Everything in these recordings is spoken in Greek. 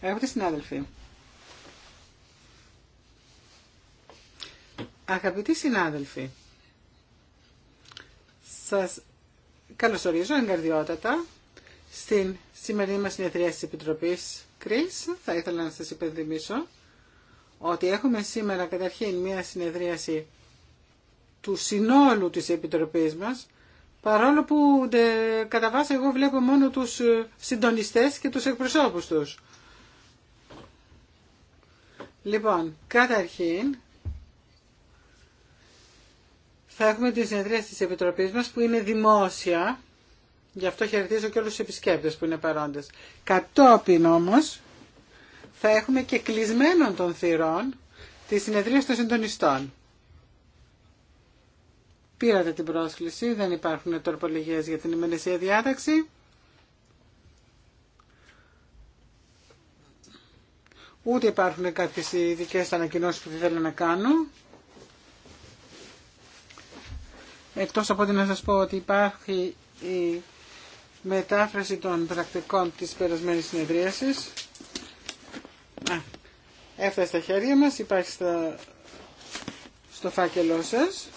Αγαπητοί συνάδελφοι. Αγαπητοί συνάδελφοι. Σας καλωσορίζω εγκαρδιότατα στην σημερινή μας συνεδρία της Επιτροπής ΚΡΙΣ. Θα ήθελα να σας υπενθυμίσω ότι έχουμε σήμερα καταρχήν μια συνεδρίαση του συνόλου της Επιτροπής μας Παρόλο που κατά βάση εγώ βλέπω μόνο τους ε, συντονιστές και τους εκπροσώπους τους. Λοιπόν, καταρχήν θα έχουμε τις συνεδρίες της Επιτροπής μας που είναι δημόσια. Γι' αυτό χαιρετίζω και όλους τους επισκέπτες που είναι παρόντες. Κατόπιν όμως θα έχουμε και κλεισμένων των θυρών τη συνεδρία των συντονιστών. Πήρατε την πρόσκληση, δεν υπάρχουν τροπολογίες για την ημερησία διάταξη. Ούτε υπάρχουν κάποιες ειδικέ ανακοινώσεις που θέλω να κάνω. Εκτός από ότι να σας πω ότι υπάρχει η μετάφραση των πρακτικών της περασμένης συνεδρίασης. έφτασε στα χέρια μας, υπάρχει στα... στο φάκελό σας.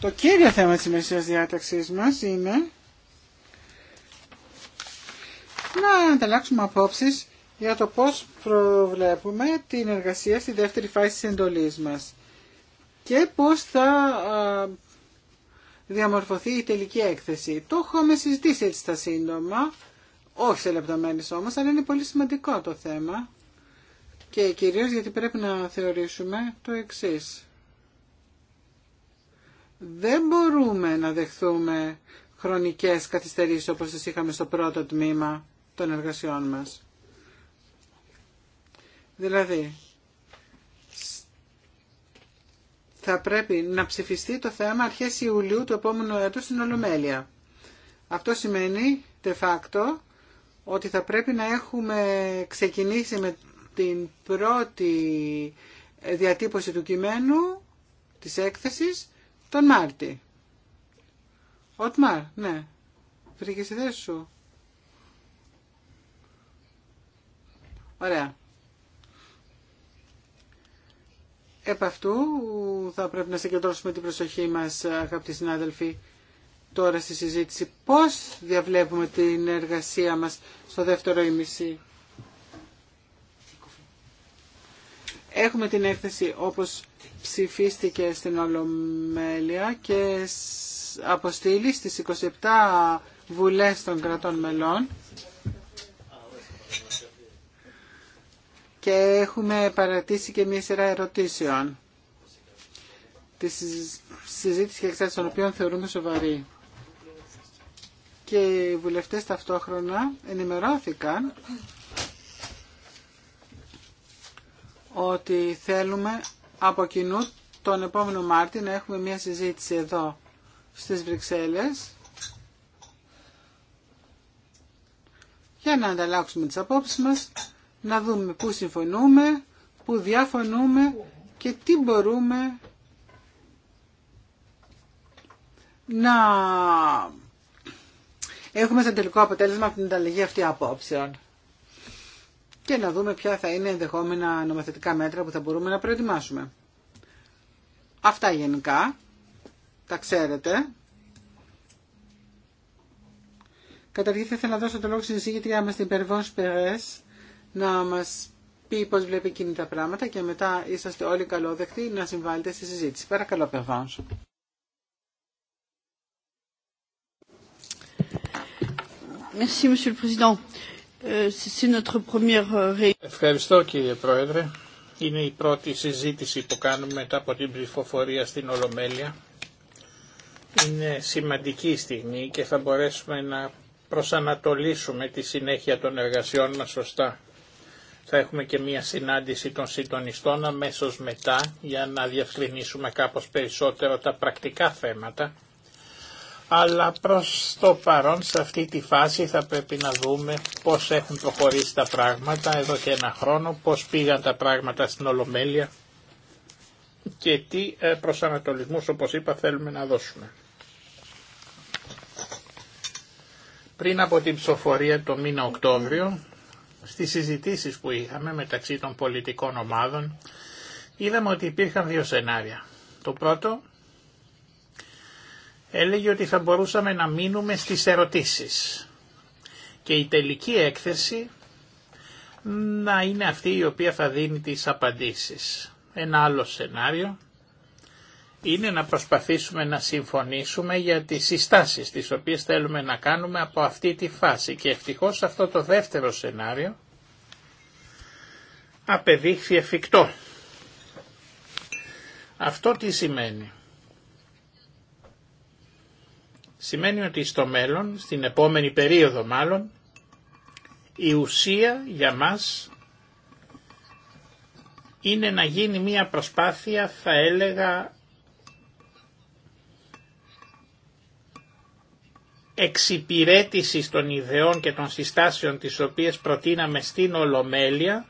Το κύριο θέμα της ημερησίας διάταξης μας είναι να ανταλλάξουμε απόψεις για το πώς προβλέπουμε την εργασία στη δεύτερη φάση της εντολής μας και πώς θα διαμορφωθεί η τελική έκθεση. Το έχουμε συζητήσει έτσι στα σύντομα, όχι σε λεπτομέρειες όμως, αλλά είναι πολύ σημαντικό το θέμα και κυρίως γιατί πρέπει να θεωρήσουμε το εξής δεν μπορούμε να δεχθούμε χρονικές καθυστερήσεις όπως τις είχαμε στο πρώτο τμήμα των εργασιών μας. Δηλαδή, θα πρέπει να ψηφιστεί το θέμα αρχές Ιουλίου του επόμενου έτους στην Ολομέλεια. Αυτό σημαίνει, de facto, ότι θα πρέπει να έχουμε ξεκινήσει με την πρώτη διατύπωση του κειμένου της έκθεσης τον Μάρτι. Οτμάρ, ναι. Βρήκε τη σου. Ωραία. Επ' αυτού θα πρέπει να συγκεντρώσουμε την προσοχή μας, αγαπητοί συνάδελφοι, τώρα στη συζήτηση. Πώς διαβλέπουμε την εργασία μας στο δεύτερο ημισή. Έχουμε την έκθεση όπως ψηφίστηκε στην Ολομέλεια και αποστείλει στις 27 βουλές των κρατών μελών και έχουμε παρατήσει και μια σειρά ερωτήσεων τη συζήτηση και εξάρτηση των οποίων θεωρούμε σοβαρή. Και οι βουλευτές ταυτόχρονα ενημερώθηκαν ότι θέλουμε από κοινού τον επόμενο Μάρτιο να έχουμε μια συζήτηση εδώ στις Βρυξέλλες για να ανταλλάξουμε τις απόψεις μας, να δούμε πού συμφωνούμε, πού διαφωνούμε και τι μπορούμε να έχουμε σαν τελικό αποτέλεσμα από την ανταλλαγή αυτή απόψεων και να δούμε ποια θα είναι ενδεχόμενα νομοθετικά μέτρα που θα μπορούμε να προετοιμάσουμε. Αυτά γενικά, τα ξέρετε. Καταρχήν θα ήθελα να δώσω το λόγο στην εισηγητριά μας την Περβόν Περές να μας πει πώς βλέπει εκείνη τα πράγματα και μετά είσαστε όλοι καλόδεκτοι να συμβάλλετε στη συζήτηση. Παρακαλώ Περβόν. Merci, Monsieur le Président. Ε, ε, Ευχαριστώ κύριε Πρόεδρε. Είναι η πρώτη συζήτηση που κάνουμε μετά από την ψηφοφορία στην Ολομέλεια. Είναι σημαντική στιγμή και θα μπορέσουμε να προσανατολίσουμε τη συνέχεια των εργασιών μας σωστά. Θα έχουμε και μία συνάντηση των συντονιστών αμέσως μετά για να διευκρινίσουμε κάπως περισσότερο τα πρακτικά θέματα αλλά προς το παρόν σε αυτή τη φάση θα πρέπει να δούμε πώς έχουν προχωρήσει τα πράγματα εδώ και ένα χρόνο, πώς πήγαν τα πράγματα στην Ολομέλεια και τι ε, προσανατολισμούς όπως είπα θέλουμε να δώσουμε. Πριν από την ψηφοφορία το μήνα Οκτώβριο, στις συζητήσεις που είχαμε μεταξύ των πολιτικών ομάδων, είδαμε ότι υπήρχαν δύο σενάρια. Το πρώτο έλεγε ότι θα μπορούσαμε να μείνουμε στις ερωτήσεις και η τελική έκθεση να είναι αυτή η οποία θα δίνει τις απαντήσεις. Ένα άλλο σενάριο είναι να προσπαθήσουμε να συμφωνήσουμε για τις συστάσεις τις οποίες θέλουμε να κάνουμε από αυτή τη φάση και ευτυχώς αυτό το δεύτερο σενάριο απεδείχθη εφικτό. Αυτό τι σημαίνει σημαίνει ότι στο μέλλον, στην επόμενη περίοδο μάλλον, η ουσία για μας είναι να γίνει μία προσπάθεια, θα έλεγα, εξυπηρέτησης των ιδεών και των συστάσεων τις οποίες προτείναμε στην Ολομέλεια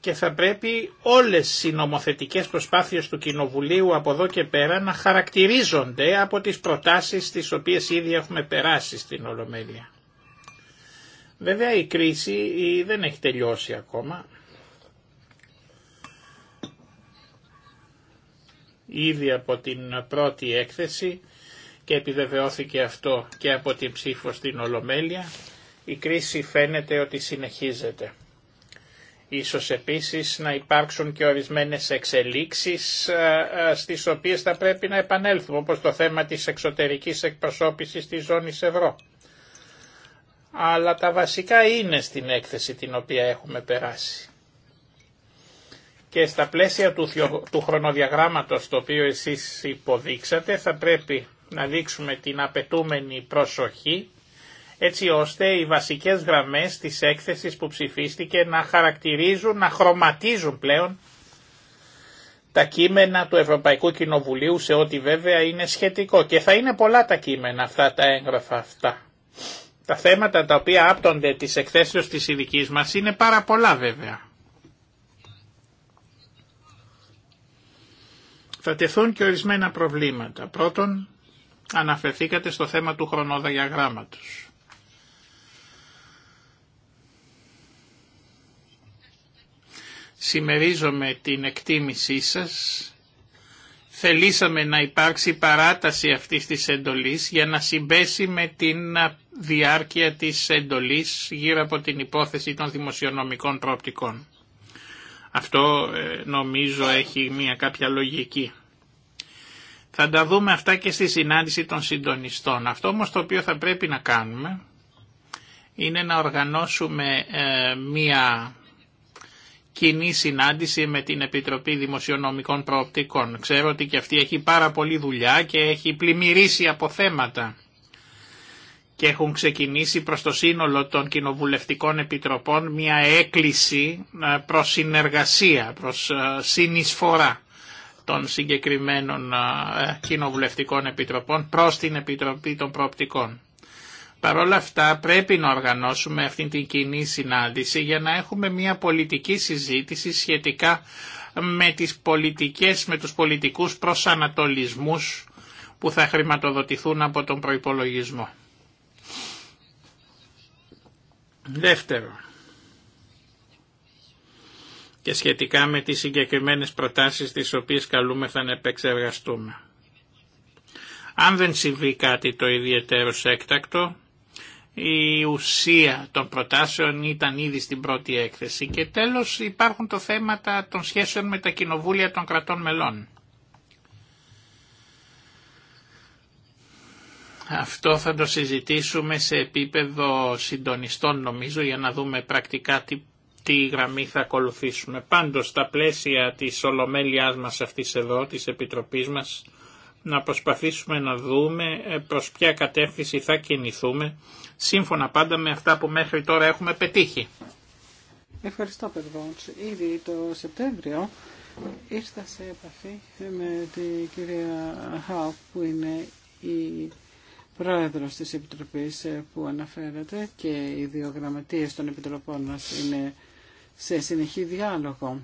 και θα πρέπει όλες οι νομοθετικές προσπάθειες του Κοινοβουλίου από εδώ και πέρα να χαρακτηρίζονται από τις προτάσεις τις οποίες ήδη έχουμε περάσει στην Ολομέλεια. Βέβαια η κρίση δεν έχει τελειώσει ακόμα. Ήδη από την πρώτη έκθεση και επιβεβαιώθηκε αυτό και από την ψήφο στην Ολομέλεια, η κρίση φαίνεται ότι συνεχίζεται. Ίσως επίσης να υπάρξουν και ορισμένες εξελίξεις ε, ε, στις οποίες θα πρέπει να επανέλθουμε, όπως το θέμα της εξωτερικής εκπροσώπησης της ζώνης ευρώ. Αλλά τα βασικά είναι στην έκθεση την οποία έχουμε περάσει. Και στα πλαίσια του, του χρονοδιαγράμματος το οποίο εσείς υποδείξατε θα πρέπει να δείξουμε την απαιτούμενη προσοχή έτσι ώστε οι βασικές γραμμές της έκθεσης που ψηφίστηκε να χαρακτηρίζουν, να χρωματίζουν πλέον τα κείμενα του Ευρωπαϊκού Κοινοβουλίου σε ό,τι βέβαια είναι σχετικό και θα είναι πολλά τα κείμενα αυτά τα έγγραφα αυτά. Τα θέματα τα οποία άπτονται της εκθέσεως της ειδική μας είναι πάρα πολλά βέβαια. Θα τεθούν και ορισμένα προβλήματα. Πρώτον, αναφερθήκατε στο θέμα του χρονοδιαγράμματος. Σημερίζομαι την εκτίμησή σας. Θελήσαμε να υπάρξει παράταση αυτής της εντολής για να συμπέσει με την διάρκεια της εντολής γύρω από την υπόθεση των δημοσιονομικών προοπτικών. Αυτό ε, νομίζω έχει μια κάποια λογική. Θα τα δούμε αυτά και στη συνάντηση των συντονιστών. Αυτό όμως το οποίο θα πρέπει να κάνουμε είναι να οργανώσουμε ε, μία κοινή συνάντηση με την Επιτροπή Δημοσιονομικών Προοπτικών. Ξέρω ότι και αυτή έχει πάρα πολλή δουλειά και έχει πλημμυρίσει από θέματα και έχουν ξεκινήσει προς το σύνολο των κοινοβουλευτικών επιτροπών μια έκκληση ε, προς συνεργασία, προς ε, συνεισφορά των συγκεκριμένων ε, κοινοβουλευτικών επιτροπών προς την Επιτροπή των Προοπτικών. Παρ' όλα αυτά πρέπει να οργανώσουμε αυτή την κοινή συνάντηση για να έχουμε μια πολιτική συζήτηση σχετικά με τις πολιτικές, με τους πολιτικούς προσανατολισμούς που θα χρηματοδοτηθούν από τον προϋπολογισμό. Δεύτερο, και σχετικά με τις συγκεκριμένες προτάσεις τις οποίες καλούμε να επεξεργαστούμε. Αν δεν συμβεί κάτι το ιδιαίτερο έκτακτο, η ουσία των προτάσεων ήταν ήδη στην πρώτη έκθεση. Και τέλος υπάρχουν το θέματα των σχέσεων με τα κοινοβούλια των κρατών μελών. Αυτό θα το συζητήσουμε σε επίπεδο συντονιστών νομίζω για να δούμε πρακτικά τι, τι γραμμή θα ακολουθήσουμε. Πάντως στα πλαίσια της ολομέλειάς μας αυτής εδώ, της Επιτροπής μας, να προσπαθήσουμε να δούμε ε, προς ποια κατεύθυνση θα κινηθούμε σύμφωνα πάντα με αυτά που μέχρι τώρα έχουμε πετύχει. Ευχαριστώ, Περβόντς. Ήδη το Σεπτέμβριο ήρθα σε επαφή με την κυρία Χάου, που είναι η πρόεδρος της Επιτροπής που αναφέρατε και οι δύο γραμματείες των Επιτροπών μας είναι σε συνεχή διάλογο.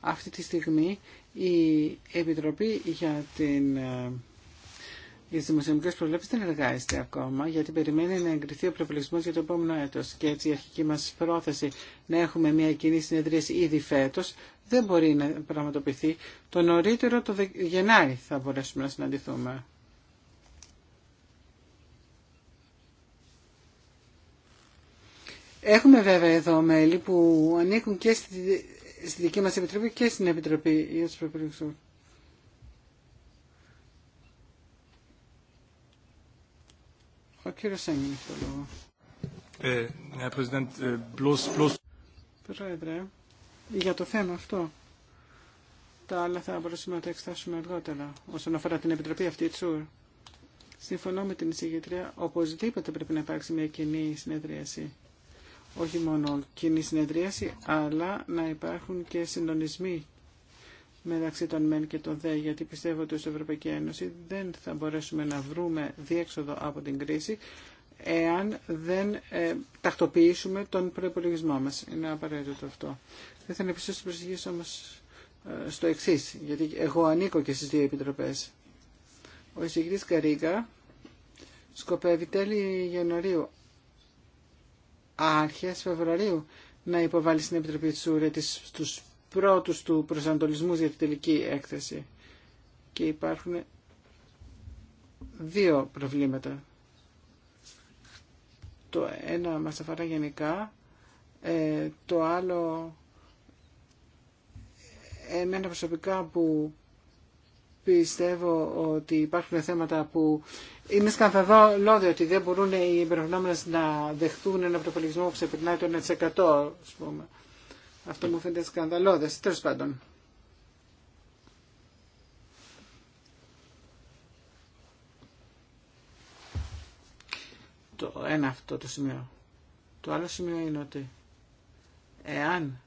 Αυτή τη στιγμή η Επιτροπή για την ε, οι δημοσιονομικέ προβλέψει δεν εργάζεται ακόμα, γιατί περιμένει να εγκριθεί ο προπολογισμό για το επόμενο έτο. Και έτσι η αρχική μα πρόθεση να έχουμε μια κοινή συνεδρίαση ήδη φέτο δεν μπορεί να πραγματοποιηθεί. Το νωρίτερο το Γενάρη θα μπορέσουμε να συναντηθούμε. Έχουμε βέβαια εδώ μέλη που ανήκουν και στη, δική μας επιτροπή και στην Επιτροπή για τους Ο κύριος Σέγγιν έχει το λόγο. Ε, ναι, ε Πρόεδρε, για το θέμα αυτό, τα άλλα θα μπορούσαμε να τα εξετάσουμε αργότερα, όσον αφορά την Επιτροπή αυτή Τσούρ. Συμφωνώ με την εισηγητρία, οπωσδήποτε πρέπει να υπάρξει μια κοινή συνεδρίαση. Όχι μόνο κοινή συνεδρίαση, αλλά να υπάρχουν και συντονισμοί μεταξύ των ΜΕΝ και των ΔΕ, γιατί πιστεύω ότι ως Ευρωπαϊκή Ένωση δεν θα μπορέσουμε να βρούμε διέξοδο από την κρίση εάν δεν ε, τακτοποιήσουμε τον προπολογισμό μας. Είναι απαραίτητο αυτό. Δεν Θα ήθελα να προσεγγίσω προσοχή όμως ε, στο εξή, γιατί εγώ ανήκω και στις δύο επιτροπές. Ο εισηγητής Καρίγκα σκοπεύει τέλη Γενωρίου, άρχες Φεβρουαρίου, να υποβάλει στην Επιτροπή Τσούρε τους πρώτους του προσανατολισμού για τη τελική έκθεση. Και υπάρχουν δύο προβλήματα. Το ένα μας αφορά γενικά, ε, το άλλο εμένα προσωπικά που πιστεύω ότι υπάρχουν θέματα που είναι σκανδαλώδη ότι δεν μπορούν οι εμπεριφερόμενες να δεχτούν ένα προπολογισμό που ξεπερνάει το 1% ας πούμε. Αυτό μου φαίνεται σκανδαλώδες. Τέλος πάντων. Το ένα αυτό το σημείο. Το άλλο σημείο είναι ότι εάν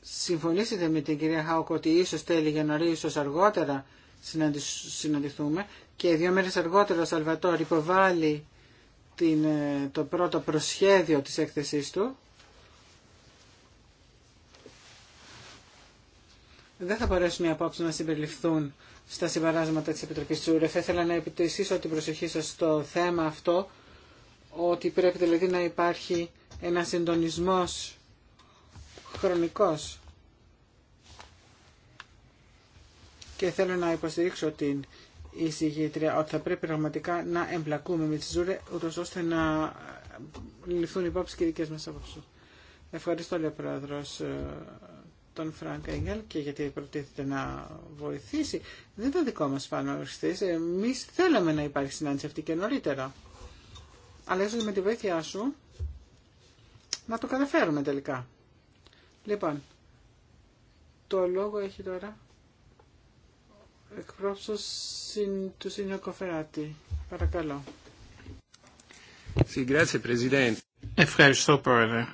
συμφωνήσετε με την κυρία Χάουκ ότι ίσως για να ίσως αργότερα συναντηθούμε και δύο μέρες αργότερα ο Σαλβατόρ υποβάλλει την, ε, το πρώτο προσχέδιο της έκθεσής του. Δεν θα μπορέσουν οι απόψεις να συμπεριληφθούν στα συμπαράσματα της Επιτροπής του. Θα ήθελα να επιτεσίσω την προσοχή σας στο θέμα αυτό, ότι πρέπει δηλαδή να υπάρχει ένα συντονισμός χρονικός. Και θέλω να υποστηρίξω την η συγγήτρια ότι θα πρέπει πραγματικά να εμπλακούμε με τη Ζούρε, ούτως ώστε να ληφθούν υπόψη και οι δικές μας απόψεις. Ευχαριστώ, λέει ο Πρόεδρος, ε, τον Φρανκ Έγγελ και γιατί προτίθεται να βοηθήσει. Δεν ήταν δικό μας πάνω ορθής. Εμείς θέλαμε να υπάρχει συνάντηση αυτή και νωρίτερα. Αλλά ίσως με τη βοήθειά σου να το καταφέρουμε τελικά. Λοιπόν, το λόγο έχει τώρα εκπρόσωπο του Σύνδεου Κοφεράτη. Παρακαλώ. Ευχαριστώ Πρόεδρε.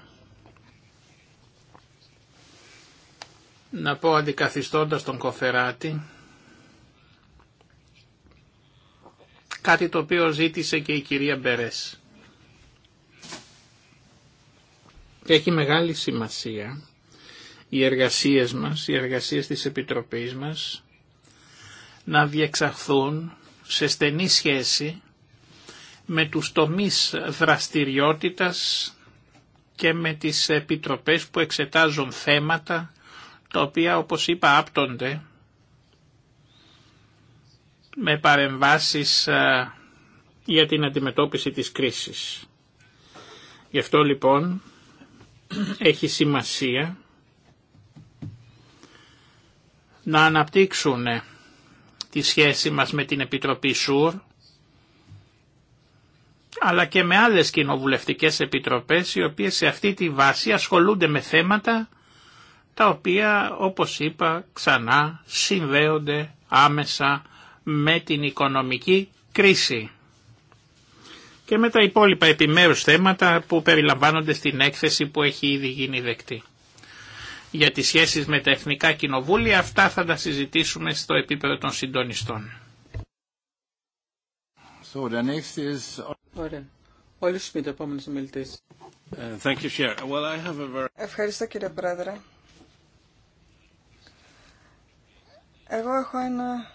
Να πω αντικαθιστώντας τον Κοφεράτη κάτι το οποίο ζήτησε και η κυρία Μπερές. Και έχει μεγάλη σημασία οι εργασίες μας, οι εργασίες της Επιτροπής μας να διεξαχθούν σε στενή σχέση με τους τομείς δραστηριότητας και με τις επιτροπές που εξετάζουν θέματα τα οποία όπως είπα άπτονται με παρεμβάσεις ε, για την αντιμετώπιση της κρίσης. Γι' αυτό λοιπόν έχει σημασία να αναπτύξουν τη σχέση μας με την Επιτροπή ΣΟΥΡ, αλλά και με άλλες κοινοβουλευτικές επιτροπές, οι οποίες σε αυτή τη βάση ασχολούνται με θέματα τα οποία, όπως είπα, ξανά συνδέονται άμεσα με την οικονομική κρίση και με τα υπόλοιπα επιμέρους θέματα που περιλαμβάνονται στην έκθεση που έχει ήδη γίνει δεκτή για τις σχέσεις με τα εθνικά κοινοβούλια, αυτά θα τα συζητήσουμε στο επίπεδο των συντονιστών. So, is... Ωραία. Όλοι ε, Ευχαριστώ κύριε Πρόεδρε. Εγώ έχω ένα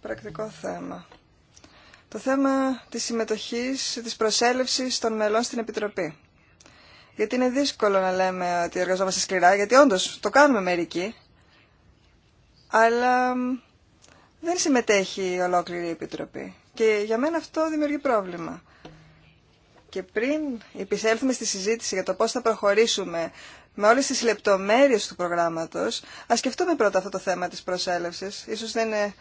πρακτικό θέμα. Το θέμα της συμμετοχής, της προσέλευσης των μελών στην Επιτροπή. Γιατί είναι δύσκολο να λέμε ότι εργαζόμαστε σκληρά, γιατί όντω το κάνουμε μερικοί, αλλά δεν συμμετέχει η ολόκληρη η Επιτροπή. Και για μένα αυτό δημιουργεί πρόβλημα. Και πριν επισέλθουμε στη συζήτηση για το πώς θα προχωρήσουμε με όλες τις λεπτομέρειες του προγράμματος, ας σκεφτούμε πρώτα αυτό το θέμα της προσέλευσης. Ίσως δεν είναι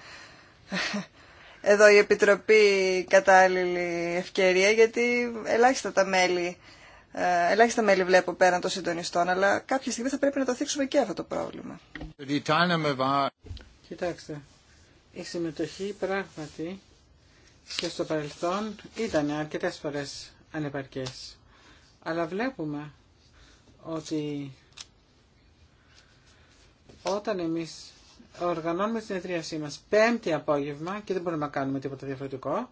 εδώ η Επιτροπή κατάλληλη ευκαιρία, γιατί ελάχιστα τα μέλη ε, ελάχιστα μέλη βλέπω πέραν των συντονιστών, αλλά κάποια στιγμή θα πρέπει να το θίξουμε και αυτό το πρόβλημα. Κοιτάξτε, η συμμετοχή πράγματι και στο παρελθόν ήταν αρκετέ φορέ ανεπαρκέ. Αλλά βλέπουμε ότι όταν εμεί οργανώνουμε την εδρίασή μα πέμπτη απόγευμα και δεν μπορούμε να κάνουμε τίποτα διαφορετικό,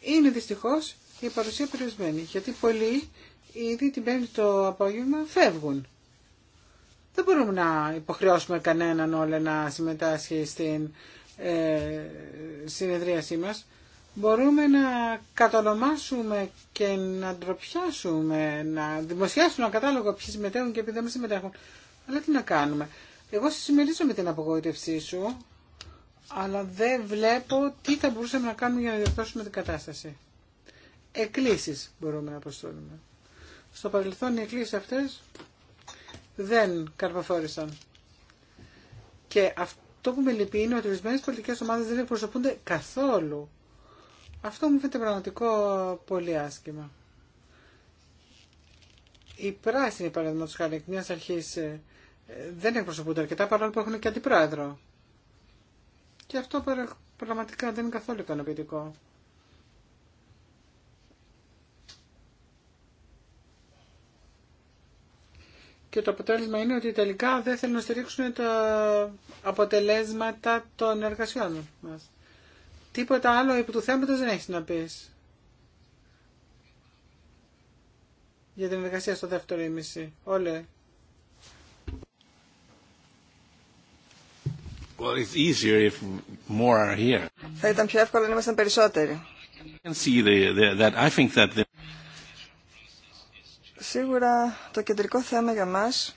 είναι δυστυχώ η παρουσία περιορισμένη. Γιατί πολλοί ήδη την πέμπτη το απόγευμα φεύγουν. Δεν μπορούμε να υποχρεώσουμε κανέναν όλα να συμμετάσχει στην ε, συνεδρίασή μας. Μπορούμε να κατονομάσουμε και να ντροπιάσουμε, να δημοσιάσουμε ένα κατάλογο ποιοι συμμετέχουν και ποιοι δεν συμμετέχουν. Αλλά τι να κάνουμε. Εγώ συμμερίζω με την απογοήτευσή σου, αλλά δεν βλέπω τι θα μπορούσαμε να κάνουμε για να διορθώσουμε την κατάσταση. Εκκλήσεις μπορούμε να προσθέσουμε. Στο παρελθόν οι εκκλήσεις αυτές δεν καρποφόρησαν. Και αυτό που με λυπεί είναι ότι ορισμένε πολιτικές ομάδες δεν εκπροσωπούνται καθόλου. Αυτό μου φαίνεται πραγματικό πολύ άσχημα. Οι πράσινοι παραδείγματος χάρη αρχής ε, δεν εκπροσωπούνται αρκετά παρόλο που έχουν και αντιπρόεδρο. Και αυτό πραγματικά δεν είναι καθόλου ικανοποιητικό. και το αποτέλεσμα είναι ότι τελικά δεν θέλουν να στηρίξουν τα αποτελέσματα των εργασιών μας. Τίποτα άλλο επί του θέματος δεν έχεις να πεις. Για την εργασία στο δεύτερο ημισή. Όλε. Well, easier if more are here. Θα ήταν πιο εύκολο να ήμασταν περισσότεροι. Σίγουρα το κεντρικό θέμα για μας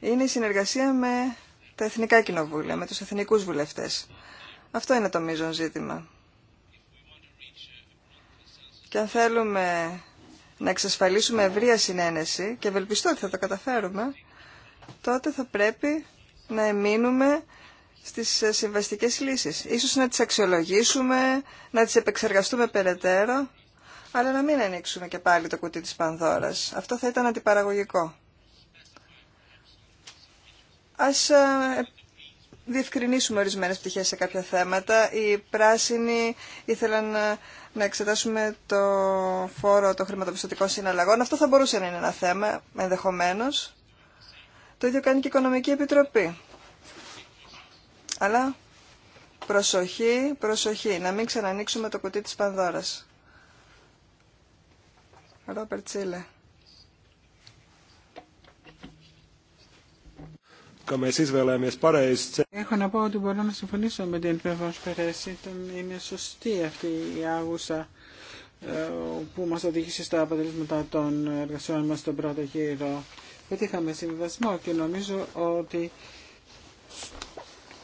είναι η συνεργασία με τα εθνικά κοινοβούλια, με τους εθνικούς βουλευτές. Αυτό είναι το μείζον ζήτημα. Και αν θέλουμε να εξασφαλίσουμε ευρία συνένεση, και ευελπιστώ ότι θα το καταφέρουμε, τότε θα πρέπει να εμείνουμε στις συμβαστικές λύσεις. Ίσως να τις αξιολογήσουμε, να τις επεξεργαστούμε περαιτέρω αλλά να μην ανοίξουμε και πάλι το κουτί της Πανδώρας. Αυτό θα ήταν αντιπαραγωγικό. Ας ε, διευκρινίσουμε ορισμένες πτυχές σε κάποια θέματα. Οι πράσινοι ήθελαν ε, να εξετάσουμε το φόρο των χρηματοπιστωτικών συναλλαγών. Αυτό θα μπορούσε να είναι ένα θέμα, ενδεχομένως. Το ίδιο κάνει και η Οικονομική Επιτροπή. Αλλά προσοχή, προσοχή, να μην ξανανοίξουμε το κουτί της Πανδώρας. Ρόπερ Τσίλε. Έχω να πω ότι μπορώ να συμφωνήσω με την Περβάνς Σπερέση. είναι σωστή αυτή η άγουσα ε, που μας οδήγησε στα αποτελέσματα των εργασιών μας στον πρώτο γύρο. Πετύχαμε συμβιβασμό και νομίζω ότι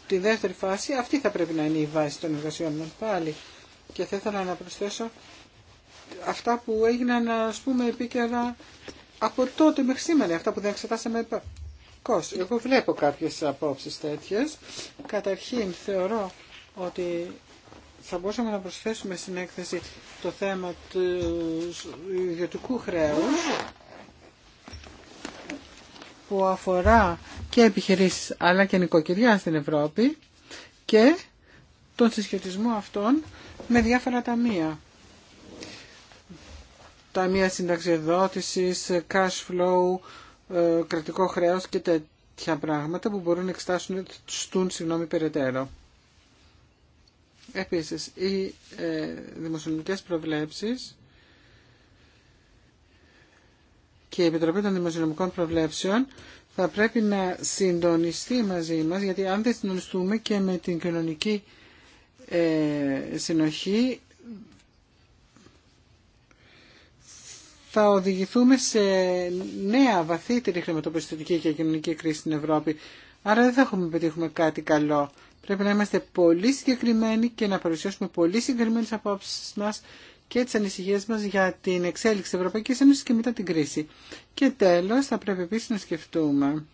τη δεύτερη φάση αυτή θα πρέπει να είναι η βάση των εργασιών μας πάλι. Και θα ήθελα να προσθέσω αυτά που έγιναν ας πούμε επίκαιρα από τότε μέχρι σήμερα, αυτά που δεν εξετάσαμε πώς. Εγώ βλέπω κάποιες απόψεις τέτοιες. Καταρχήν θεωρώ ότι θα μπορούσαμε να προσθέσουμε στην έκθεση το θέμα του ιδιωτικού χρέους που αφορά και επιχειρήσεις αλλά και νοικοκυριά στην Ευρώπη και τον συσχετισμό αυτών με διάφορα ταμεία ταμεία συνταξιοδότησης, cash flow, ε, κρατικό χρέος και τέτοια πράγματα που μπορούν να εξετάσουν στούν συγγνώμη περαιτέρω. Επίσης, οι ε, δημοσιονομικές προβλέψεις και η Επιτροπή των Δημοσιονομικών Προβλέψεων θα πρέπει να συντονιστεί μαζί μας, γιατί αν δεν συντονιστούμε και με την κοινωνική ε, συνοχή, θα οδηγηθούμε σε νέα βαθύτερη χρηματοπιστωτική και κοινωνική κρίση στην Ευρώπη. Άρα δεν θα έχουμε πετύχουμε κάτι καλό. Πρέπει να είμαστε πολύ συγκεκριμένοι και να παρουσιάσουμε πολύ συγκεκριμένε απόψει μα και τι ανησυχίε μα για την εξέλιξη τη Ευρωπαϊκή Ένωση και μετά την κρίση. Και τέλο, θα πρέπει επίση να σκεφτούμε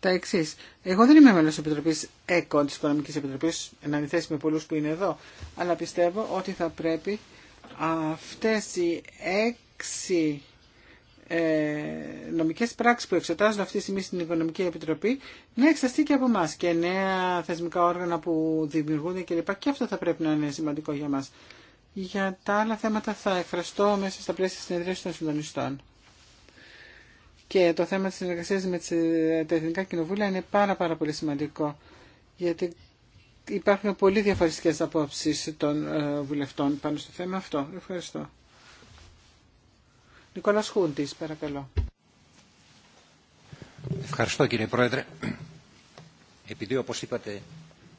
τα εξή. Εγώ δεν είμαι μέλο τη Επιτροπή ΕΚΟ, τη Οικονομική Επιτροπή, εν αντιθέσει με πολλού που είναι εδώ, αλλά πιστεύω ότι θα πρέπει Αυτές οι έξι ε, νομικές πράξεις που εξετάζουν αυτή τη στιγμή στην Οικονομική Επιτροπή να εξαστεί και από εμά και νέα θεσμικά όργανα που δημιουργούνται λοιπά Και αυτό θα πρέπει να είναι σημαντικό για μας. Για τα άλλα θέματα θα εκφραστώ μέσα στα πλαίσια συνεδρίαση των συντονιστών. Και το θέμα της συνεργασίας με ε, τα Εθνικά Κοινοβούλια είναι πάρα πάρα πολύ σημαντικό. Γιατί υπάρχουν πολύ διαφορετικές απόψεις των ε, βουλευτών πάνω στο θέμα αυτό. Ευχαριστώ. Νικόλας Χούντης, παρακαλώ. Ευχαριστώ κύριε Πρόεδρε. Επειδή όπως είπατε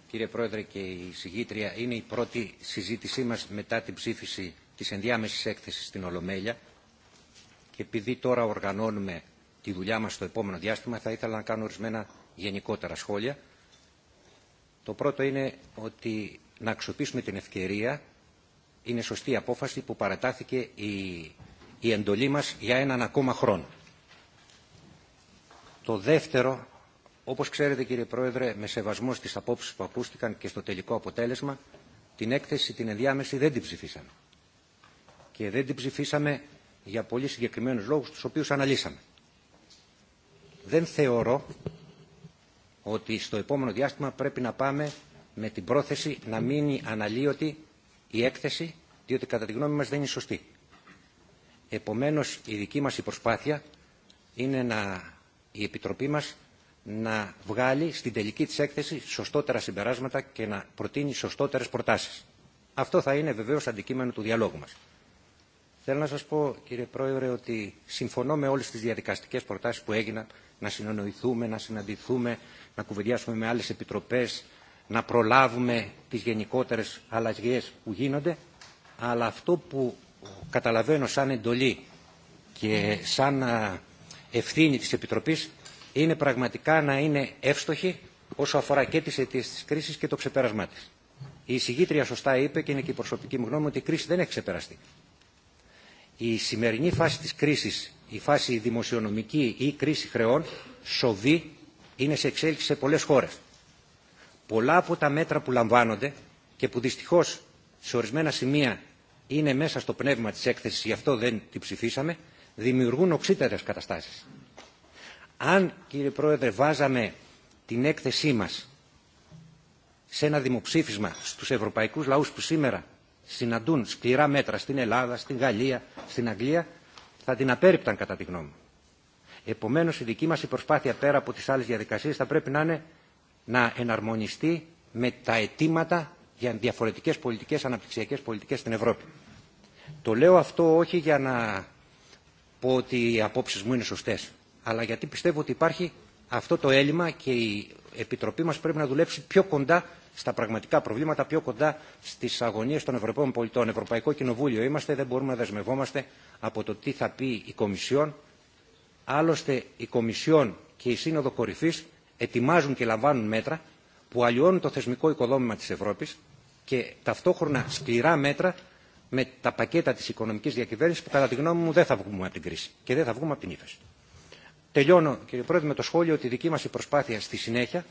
κύριε Πρόεδρε και η συγγήτρια είναι η πρώτη συζήτησή μας μετά την ψήφιση της ενδιάμεσης έκθεσης στην Ολομέλεια και επειδή τώρα οργανώνουμε τη δουλειά μας στο επόμενο διάστημα θα ήθελα να κάνω ορισμένα γενικότερα σχόλια το πρώτο είναι ότι να αξιοποιήσουμε την ευκαιρία. Είναι σωστή απόφαση που παρατάθηκε η, η εντολή μας για έναν ακόμα χρόνο. Το δεύτερο, όπως ξέρετε κύριε Πρόεδρε, με σεβασμό στις απόψεις που ακούστηκαν και στο τελικό αποτέλεσμα, την έκθεση την ενδιάμεση δεν την ψηφίσαμε. Και δεν την ψηφίσαμε για πολύ συγκεκριμένους λόγους, τους οποίους αναλύσαμε. Δεν θεωρώ ότι στο επόμενο διάστημα πρέπει να πάμε με την πρόθεση να μείνει αναλύωτη η έκθεση, διότι κατά τη γνώμη μας δεν είναι σωστή. Επομένως, η δική μας η προσπάθεια είναι να, η Επιτροπή μας να βγάλει στην τελική της έκθεση σωστότερα συμπεράσματα και να προτείνει σωστότερες προτάσεις. Αυτό θα είναι βεβαίως αντικείμενο του διαλόγου μας. Θέλω να σας πω, κύριε Πρόεδρε, ότι συμφωνώ με όλες τις διαδικαστικές προτάσεις που έγιναν, να συνονοηθούμε, να συναντηθούμε, να κουβεντιάσουμε με άλλες επιτροπές, να προλάβουμε τις γενικότερες αλλαγές που γίνονται, αλλά αυτό που καταλαβαίνω σαν εντολή και σαν ευθύνη της Επιτροπής είναι πραγματικά να είναι εύστοχη όσο αφορά και τις αιτίες της κρίσης και το ξεπέρασμά της. Η εισηγήτρια σωστά είπε και είναι και η προσωπική μου γνώμη ότι η κρίση δεν έχει ξεπεραστεί η σημερινή φάση της κρίσης, η φάση δημοσιονομική ή κρίση χρεών, σοβή, είναι σε εξέλιξη σε πολλές χώρες. Πολλά από τα μέτρα που λαμβάνονται και που δυστυχώς σε ορισμένα σημεία είναι μέσα στο πνεύμα της έκθεσης, γι' αυτό δεν την ψηφίσαμε, δημιουργούν οξύτερες καταστάσεις. Αν, κύριε Πρόεδρε, βάζαμε την έκθεσή μας σε ένα δημοψήφισμα στους ευρωπαϊκούς λαούς που σήμερα συναντούν σκληρά μέτρα στην Ελλάδα, στην Γαλλία, στην Αγγλία, θα την απέρριπταν κατά τη γνώμη μου. Επομένω, η δική μα προσπάθεια πέρα από τι άλλε διαδικασίε θα πρέπει να είναι να εναρμονιστεί με τα αιτήματα για διαφορετικέ πολιτικέ, αναπτυξιακέ πολιτικέ στην Ευρώπη. Το λέω αυτό όχι για να πω ότι οι απόψει μου είναι σωστέ, αλλά γιατί πιστεύω ότι υπάρχει αυτό το έλλειμμα και η Επιτροπή μα πρέπει να δουλέψει πιο κοντά στα πραγματικά προβλήματα, πιο κοντά στι αγωνίε των Ευρωπαίων πολιτών. Ευρωπαϊκό Κοινοβούλιο είμαστε, δεν μπορούμε να δεσμευόμαστε από το τι θα πει η Κομισιόν. Άλλωστε, η Κομισιόν και η Σύνοδο Κορυφή ετοιμάζουν και λαμβάνουν μέτρα που αλλοιώνουν το θεσμικό οικοδόμημα τη Ευρώπη και ταυτόχρονα σκληρά μέτρα με τα πακέτα τη οικονομική διακυβέρνηση που κατά τη γνώμη μου δεν θα βγούμε από την κρίση και δεν θα βγούμε από την ύφεση. Τελειώνω, κύριε Πρόεδρε, με το σχόλιο ότι η δική μα προσπάθεια στη συνέχεια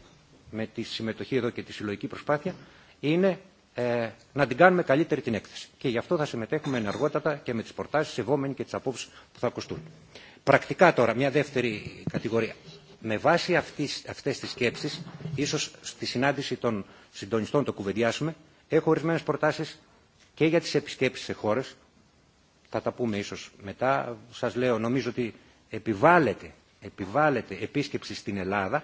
με τη συμμετοχή εδώ και τη συλλογική προσπάθεια είναι ε, να την κάνουμε καλύτερη την έκθεση. Και γι' αυτό θα συμμετέχουμε ενεργότατα και με τι προτάσει, σεβόμενοι και τι απόψει που θα ακουστούν. Πρακτικά τώρα, μια δεύτερη κατηγορία. Με βάση αυτέ τι σκέψει, ίσω στη συνάντηση των συντονιστών το κουβεντιάσουμε, έχω ορισμένε προτάσει και για τι επισκέψει σε χώρε. Θα τα πούμε ίσω μετά. Σα λέω, νομίζω ότι επιβάλλεται, επιβάλλεται επίσκεψη στην Ελλάδα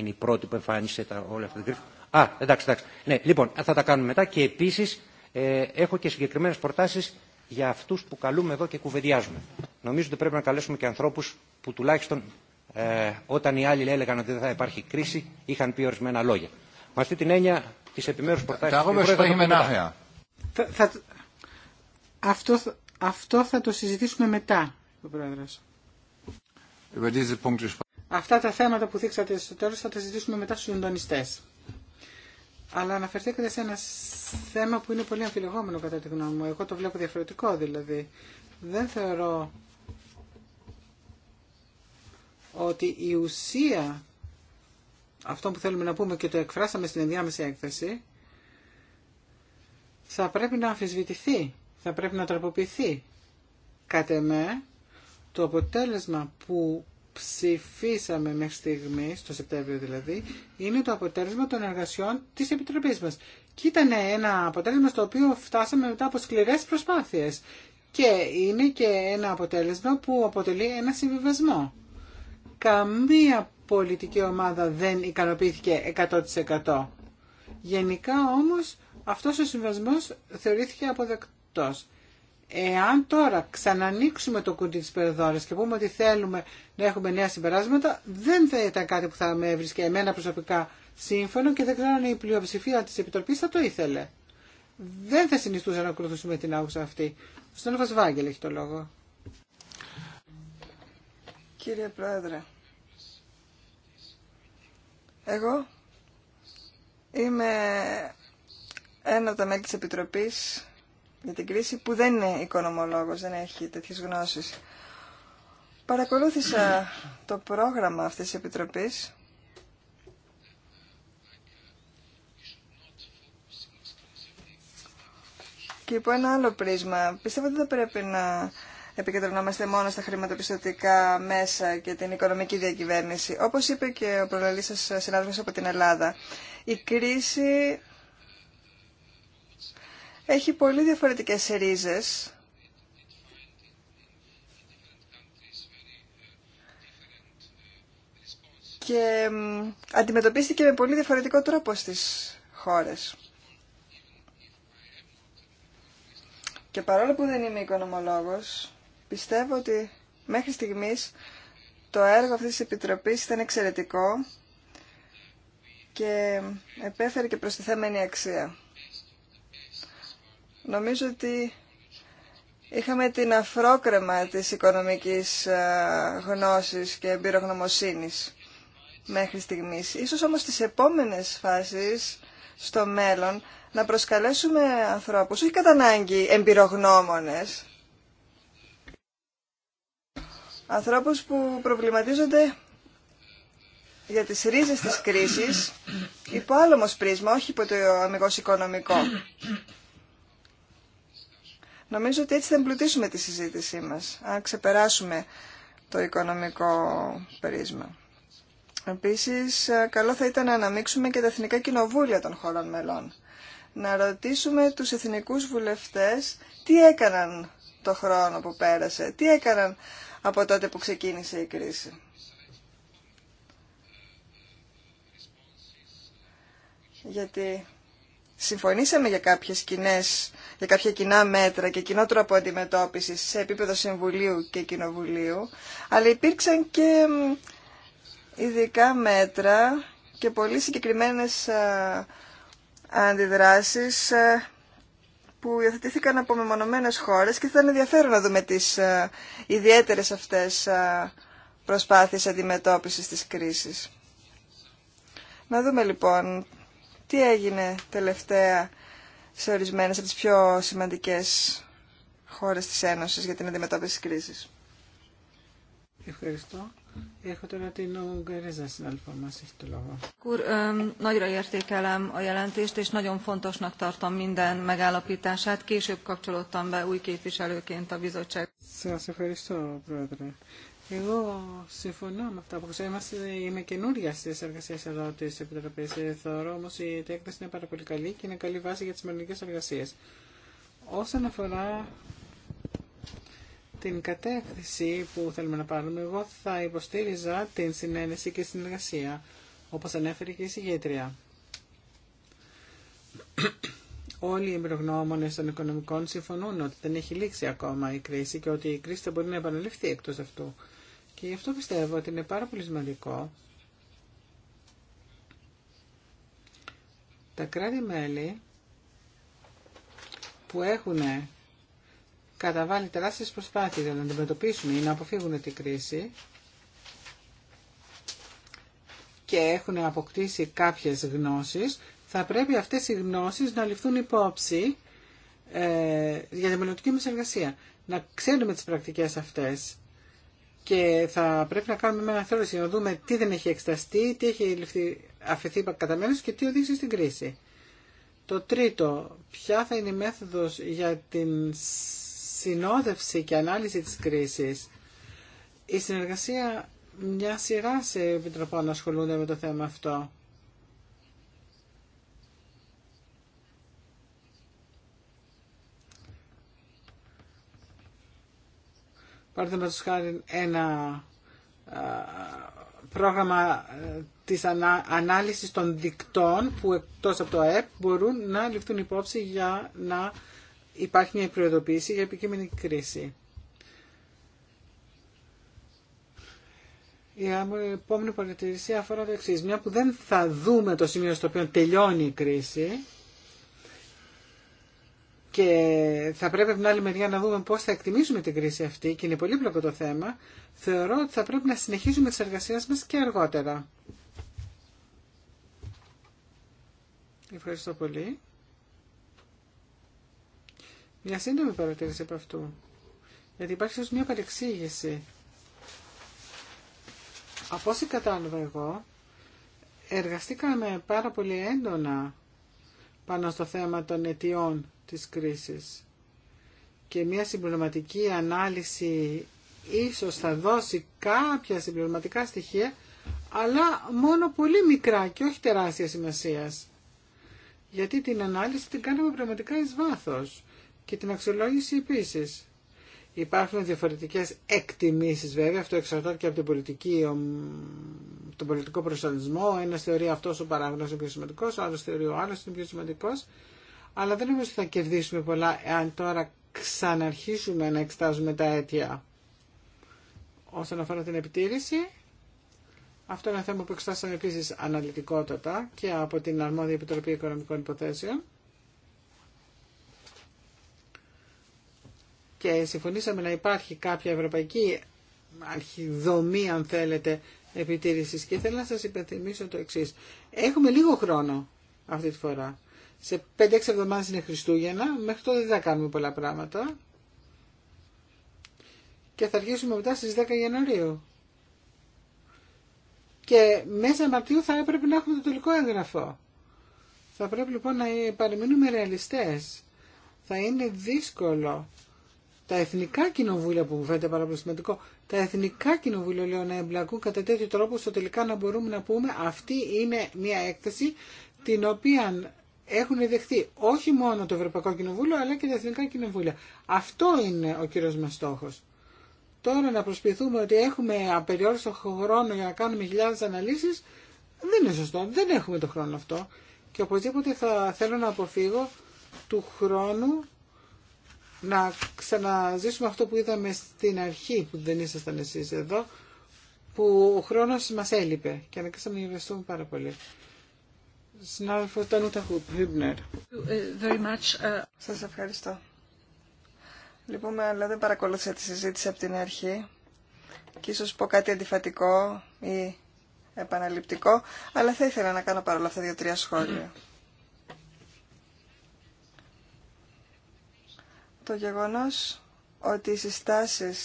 είναι η πρώτη που εμφάνισε τα, όλα αυτά τα γρήγορα; Α, εντάξει, εντάξει. Ναι, λοιπόν, θα τα κάνουμε μετά και επίση ε, έχω και συγκεκριμένε προτάσει για αυτού που καλούμε εδώ και κουβεντιάζουμε. Νομίζω ότι πρέπει να καλέσουμε και ανθρώπου που τουλάχιστον ε, όταν οι άλλοι έλεγαν ότι δεν θα υπάρχει κρίση, είχαν πει ορισμένα λόγια. Με αυτή την έννοια τη επιμέρου προτάσει αυτό, θα το συζητήσουμε μετά, ο Πρόεδρος. Αυτά τα θέματα που δείξατε στο τέλος θα τα συζητήσουμε μετά στους συντονιστές. Αλλά αναφερθήκατε σε ένα θέμα που είναι πολύ αμφιλεγόμενο κατά τη γνώμη μου. Εγώ το βλέπω διαφορετικό δηλαδή. Δεν θεωρώ ότι η ουσία αυτό που θέλουμε να πούμε και το εκφράσαμε στην ενδιάμεση έκθεση θα πρέπει να αμφισβητηθεί, θα πρέπει να τροποποιηθεί. Κατ' εμέ, το αποτέλεσμα που ψηφίσαμε μέχρι στιγμή, στο Σεπτέμβριο δηλαδή, είναι το αποτέλεσμα των εργασιών της Επιτροπής μας. Και ήταν ένα αποτέλεσμα στο οποίο φτάσαμε μετά από σκληρέ προσπάθειες. Και είναι και ένα αποτέλεσμα που αποτελεί ένα συμβιβασμό. Καμία πολιτική ομάδα δεν ικανοποιήθηκε 100%. Γενικά όμως αυτός ο συμβιβασμός θεωρήθηκε αποδεκτός. Εάν τώρα ξανανοίξουμε το κουτί της Περδόρας και πούμε ότι θέλουμε να έχουμε νέα συμπεράσματα, δεν θα ήταν κάτι που θα με έβρισκε εμένα προσωπικά σύμφωνο και δεν ξέρω αν η πλειοψηφία της Επιτροπής θα το ήθελε. Δεν θα συνιστούσα να ακολουθήσουμε την άγουσα αυτή. Στον Βασβάγγελ έχει το λόγο. Κύριε Πρόεδρε, εγώ είμαι ένα από τα μέλη της Επιτροπής για την κρίση που δεν είναι οικονομολόγος, δεν έχει τέτοιες γνώσεις. Παρακολούθησα το πρόγραμμα αυτής της Επιτροπής και υπό ένα άλλο πρίσμα. Πιστεύω ότι δεν πρέπει να επικεντρωνόμαστε μόνο στα χρηματοπιστωτικά μέσα και την οικονομική διακυβέρνηση. Όπως είπε και ο προλαλής σας συνάδελφος από την Ελλάδα, η κρίση έχει πολύ διαφορετικές ρίζες και αντιμετωπίστηκε με πολύ διαφορετικό τρόπο στις χώρες. Και παρόλο που δεν είμαι οικονομολόγος, πιστεύω ότι μέχρι στιγμής το έργο αυτής της Επιτροπής ήταν εξαιρετικό και επέφερε και προστιθέμενη αξία. Νομίζω ότι είχαμε την αφρόκρεμα της οικονομικής ε, γνώσης και εμπειρογνωμοσύνης μέχρι στιγμής. Ίσως όμως στις επόμενες φάσεις στο μέλλον να προσκαλέσουμε ανθρώπους, όχι κατά ανάγκη εμπειρογνώμονες, ανθρώπους που προβληματίζονται για τις ρίζες της κρίσης υπό άλλο όμως πρίσμα, όχι υπό το αμυγός οικονομικό. Νομίζω ότι έτσι θα εμπλουτίσουμε τη συζήτησή μας, αν ξεπεράσουμε το οικονομικό περίσμα. Επίσης, ε, καλό θα ήταν να αναμίξουμε και τα εθνικά κοινοβούλια των χωρών μελών. Να ρωτήσουμε τους εθνικούς βουλευτές τι έκαναν το χρόνο που πέρασε, τι έκαναν από τότε που ξεκίνησε η κρίση. Γιατί συμφωνήσαμε για κάποιες κοινές, για κάποια κοινά μέτρα και κοινό τρόπο αντιμετώπισης σε επίπεδο Συμβουλίου και Κοινοβουλίου, αλλά υπήρξαν και ειδικά μέτρα και πολύ συγκεκριμένες αντιδράσεις που υιοθετήθηκαν από μεμονωμένες χώρες και θα είναι ενδιαφέρον να δούμε τις ιδιαίτερες αυτές προσπάθειες αντιμετώπισης της κρίσης. Να δούμε λοιπόν τι έγινε τελευταία σε ορισμένες από τις πιο σημαντικές χώρες της Ένωσης για την αντιμετώπιση της κρίσης. Ευχαριστώ. Έχω τώρα την Ουγγαρέζα συνάδελφα μα, έχει το λόγο. Úr, ε, nagyra értékelem a jelentést, és nagyon fontosnak tartom minden megállapítását. Később kapcsolódtam be új képviselőként a bizottság. Σας ευχαριστώ, Πρόεδρε. Εγώ συμφωνώ με αυτά που είμαστε, είμαι καινούρια στι εργασίε εδώ τη Επιτροπή. Θεωρώ όμω η έκθεση είναι πάρα πολύ καλή και είναι καλή βάση για τι μελλοντικέ εργασίε. Όσον αφορά την κατεύθυνση που θέλουμε να πάρουμε, εγώ θα υποστήριζα την συνένεση και συνεργασία, όπω ανέφερε και η συγγήτρια. Όλοι οι εμπειρογνώμονε των οικονομικών συμφωνούν ότι δεν έχει λήξει ακόμα η κρίση και ότι η κρίση θα μπορεί να επαναληφθεί εκτό αυτού. Και γι' αυτό πιστεύω ότι είναι πάρα πολύ σημαντικό τα κράτη-μέλη που έχουν καταβάλει τεράστιες προσπάθειες για να αντιμετωπίσουν ή να αποφύγουν την κρίση και έχουν αποκτήσει κάποιες γνώσεις, θα πρέπει αυτές οι γνώσεις να ληφθούν υπόψη ε, για τη μελλοντική μας εργασία. Να ξέρουμε τις πρακτικές αυτές και θα πρέπει να κάνουμε μια αναθεώρηση να δούμε τι δεν έχει εξεταστεί, τι έχει αφαιθεί κατά μέρος και τι οδήγησε στην κρίση. Το τρίτο, ποια θα είναι η μέθοδος για την συνόδευση και ανάλυση της κρίσης. Η συνεργασία μια σειρά σε επιτροπών ασχολούνται με το θέμα αυτό. παραδείγματο χάρη ένα πρόγραμμα ε, της ανά, ανάλυσης των δικτών που εκτός από το ΑΕΠ μπορούν να ληφθούν υπόψη για να υπάρχει μια προειδοποίηση για επικείμενη κρίση. Η επόμενη παρατηρήση αφορά το εξή. Μια που δεν θα δούμε το σημείο στο οποίο τελειώνει η κρίση, και θα πρέπει από την άλλη μεριά να δούμε πώς θα εκτιμήσουμε την κρίση αυτή και είναι πολύπλοκο το θέμα. Θεωρώ ότι θα πρέπει να συνεχίζουμε τις εργασίες μας και αργότερα. Ευχαριστώ πολύ. Μια σύντομη παρατήρηση από αυτού. Γιατί υπάρχει μια παρεξήγηση. Από όσοι κατάλαβα εγώ, εργαστήκαμε πάρα πολύ έντονα πάνω στο θέμα των αιτιών της κρίσης. Και μια συμπληρωματική ανάλυση ίσως θα δώσει κάποια συμπληρωματικά στοιχεία, αλλά μόνο πολύ μικρά και όχι τεράστια σημασίας. Γιατί την ανάλυση την κάναμε πραγματικά εις βάθος και την αξιολόγηση επίσης. Υπάρχουν διαφορετικές εκτιμήσεις βέβαια, αυτό εξαρτάται και από την πολιτική, τον πολιτικό προσανατολισμό. Ο ένας θεωρεί αυτός ο παράγοντας είναι πιο σημαντικός, ο άλλος θεωρεί ο άλλος είναι πιο σημαντικός. Αλλά δεν νομίζω ότι θα κερδίσουμε πολλά εάν τώρα ξαναρχίσουμε να εξετάζουμε τα αίτια. Όσον αφορά την επιτήρηση, αυτό είναι ένα θέμα που εξετάσαμε επίσης αναλυτικότατα και από την Αρμόδια Επιτροπή Οικονομικών Υποθέσεων. και συμφωνήσαμε να υπάρχει κάποια ευρωπαϊκή αρχιδομή αν θέλετε επιτήρησης και θέλω να σας υπενθυμίσω το εξή. Έχουμε λίγο χρόνο αυτή τη φορά. Σε 5-6 εβδομάδες είναι Χριστούγεννα, μέχρι τότε δεν θα κάνουμε πολλά πράγματα και θα αρχίσουμε μετά στις 10 Ιανουαρίου. Και μέσα Μαρτίου θα έπρεπε να έχουμε το τελικό έγγραφο. Θα πρέπει λοιπόν να παραμείνουμε ρεαλιστές. Θα είναι δύσκολο τα εθνικά κοινοβούλια που μου φαίνεται πάρα πολύ σημαντικό, τα εθνικά κοινοβούλια λέω να εμπλακούν κατά τέτοιο τρόπο ώστε τελικά να μπορούμε να πούμε αυτή είναι μια έκθεση την οποία έχουν δεχθεί όχι μόνο το Ευρωπαϊκό Κοινοβούλιο αλλά και τα εθνικά κοινοβούλια. Αυτό είναι ο κύριο μας στόχος. Τώρα να προσποιηθούμε ότι έχουμε απεριόριστο χρόνο για να κάνουμε χιλιάδε αναλύσει δεν είναι σωστό, δεν έχουμε τον χρόνο αυτό και οπωσδήποτε θα θέλω να αποφύγω του χρόνου να ξαναζήσουμε αυτό που είδαμε στην αρχή που δεν ήσασταν εσείς εδώ που ο χρόνος μας έλειπε και αναγκάσαμε να ευχαριστούμε πάρα πολύ. Συνάδελφο Τανούτα Χούμπνερ. Uh, Σας ευχαριστώ. Λυπούμε, αλλά δεν παρακολούθησα τη συζήτηση από την αρχή και ίσως πω κάτι αντιφατικό ή επαναληπτικό, αλλά θα ήθελα να κάνω παρόλα αυτά δύο-τρία σχόλια. το γεγονός ότι οι συστάσεις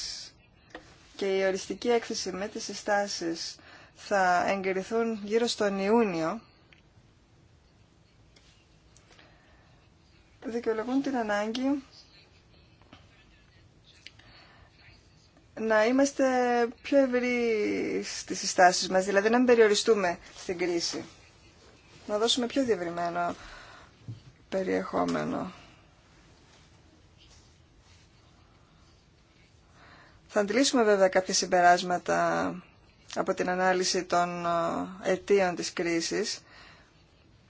και η οριστική έκθεση με τις συστάσεις θα εγκριθούν γύρω στον Ιούνιο δικαιολογούν την ανάγκη να είμαστε πιο ευρύ στις συστάσεις μας, δηλαδή να μην περιοριστούμε στην κρίση, να δώσουμε πιο διευρυμένο περιεχόμενο. Θα αντιλήσουμε βέβαια κάποια συμπεράσματα από την ανάλυση των ε, αιτίων της κρίσης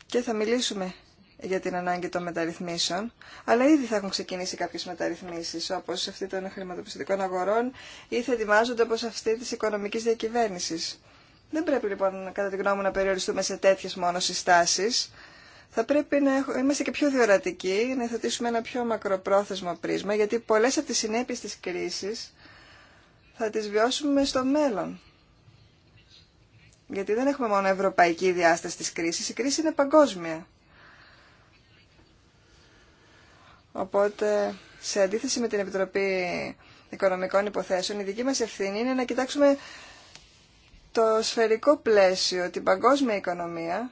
και θα μιλήσουμε για την ανάγκη των μεταρρυθμίσεων, αλλά ήδη θα έχουν ξεκινήσει κάποιες μεταρρυθμίσεις, όπως αυτή των χρηματοπιστωτικών αγορών ή θα ετοιμάζονται όπως αυτή της οικονομικής διακυβέρνησης. Δεν πρέπει λοιπόν, κατά τη γνώμη μου, να περιοριστούμε σε τέτοιες μόνο συστάσεις. Θα πρέπει να είμαστε και πιο διορατικοί, να θετήσουμε ένα πιο μακροπρόθεσμο πρίσμα, γιατί πολλές από τις συνέπειες της κρίσης θα τις βιώσουμε στο μέλλον. Γιατί δεν έχουμε μόνο ευρωπαϊκή διάσταση της κρίσης, η κρίση είναι παγκόσμια. Οπότε, σε αντίθεση με την Επιτροπή Οικονομικών Υποθέσεων, η δική μας ευθύνη είναι να κοιτάξουμε το σφαιρικό πλαίσιο, την παγκόσμια οικονομία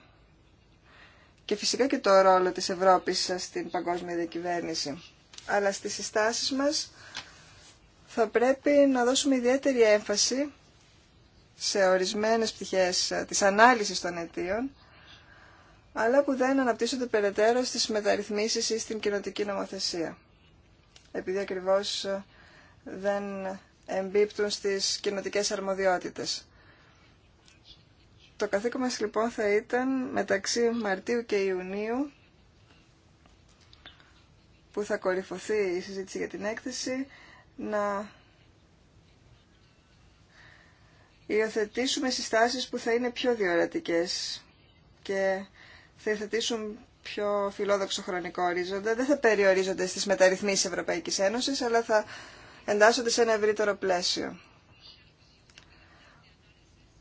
και φυσικά και το ρόλο της Ευρώπης στην παγκόσμια διακυβέρνηση. Αλλά στις συστάσεις μας θα πρέπει να δώσουμε ιδιαίτερη έμφαση σε ορισμένες πτυχές ε, της ανάλυσης των αιτίων, αλλά που δεν αναπτύσσονται περαιτέρω στις μεταρρυθμίσεις ή στην κοινοτική νομοθεσία. Επειδή ακριβώς ε, δεν εμπίπτουν στις κοινοτικές αρμοδιότητες. Το καθήκον μας λοιπόν θα ήταν μεταξύ Μαρτίου και Ιουνίου που θα κορυφωθεί η συζήτηση για την έκθεση να υιοθετήσουμε συστάσεις που θα είναι πιο διορατικές και θα υιοθετήσουν πιο φιλόδοξο χρονικό ορίζοντα. Δεν θα περιορίζονται στις μεταρρυθμίσεις Ευρωπαϊκής Ένωσης, αλλά θα εντάσσονται σε ένα ευρύτερο πλαίσιο.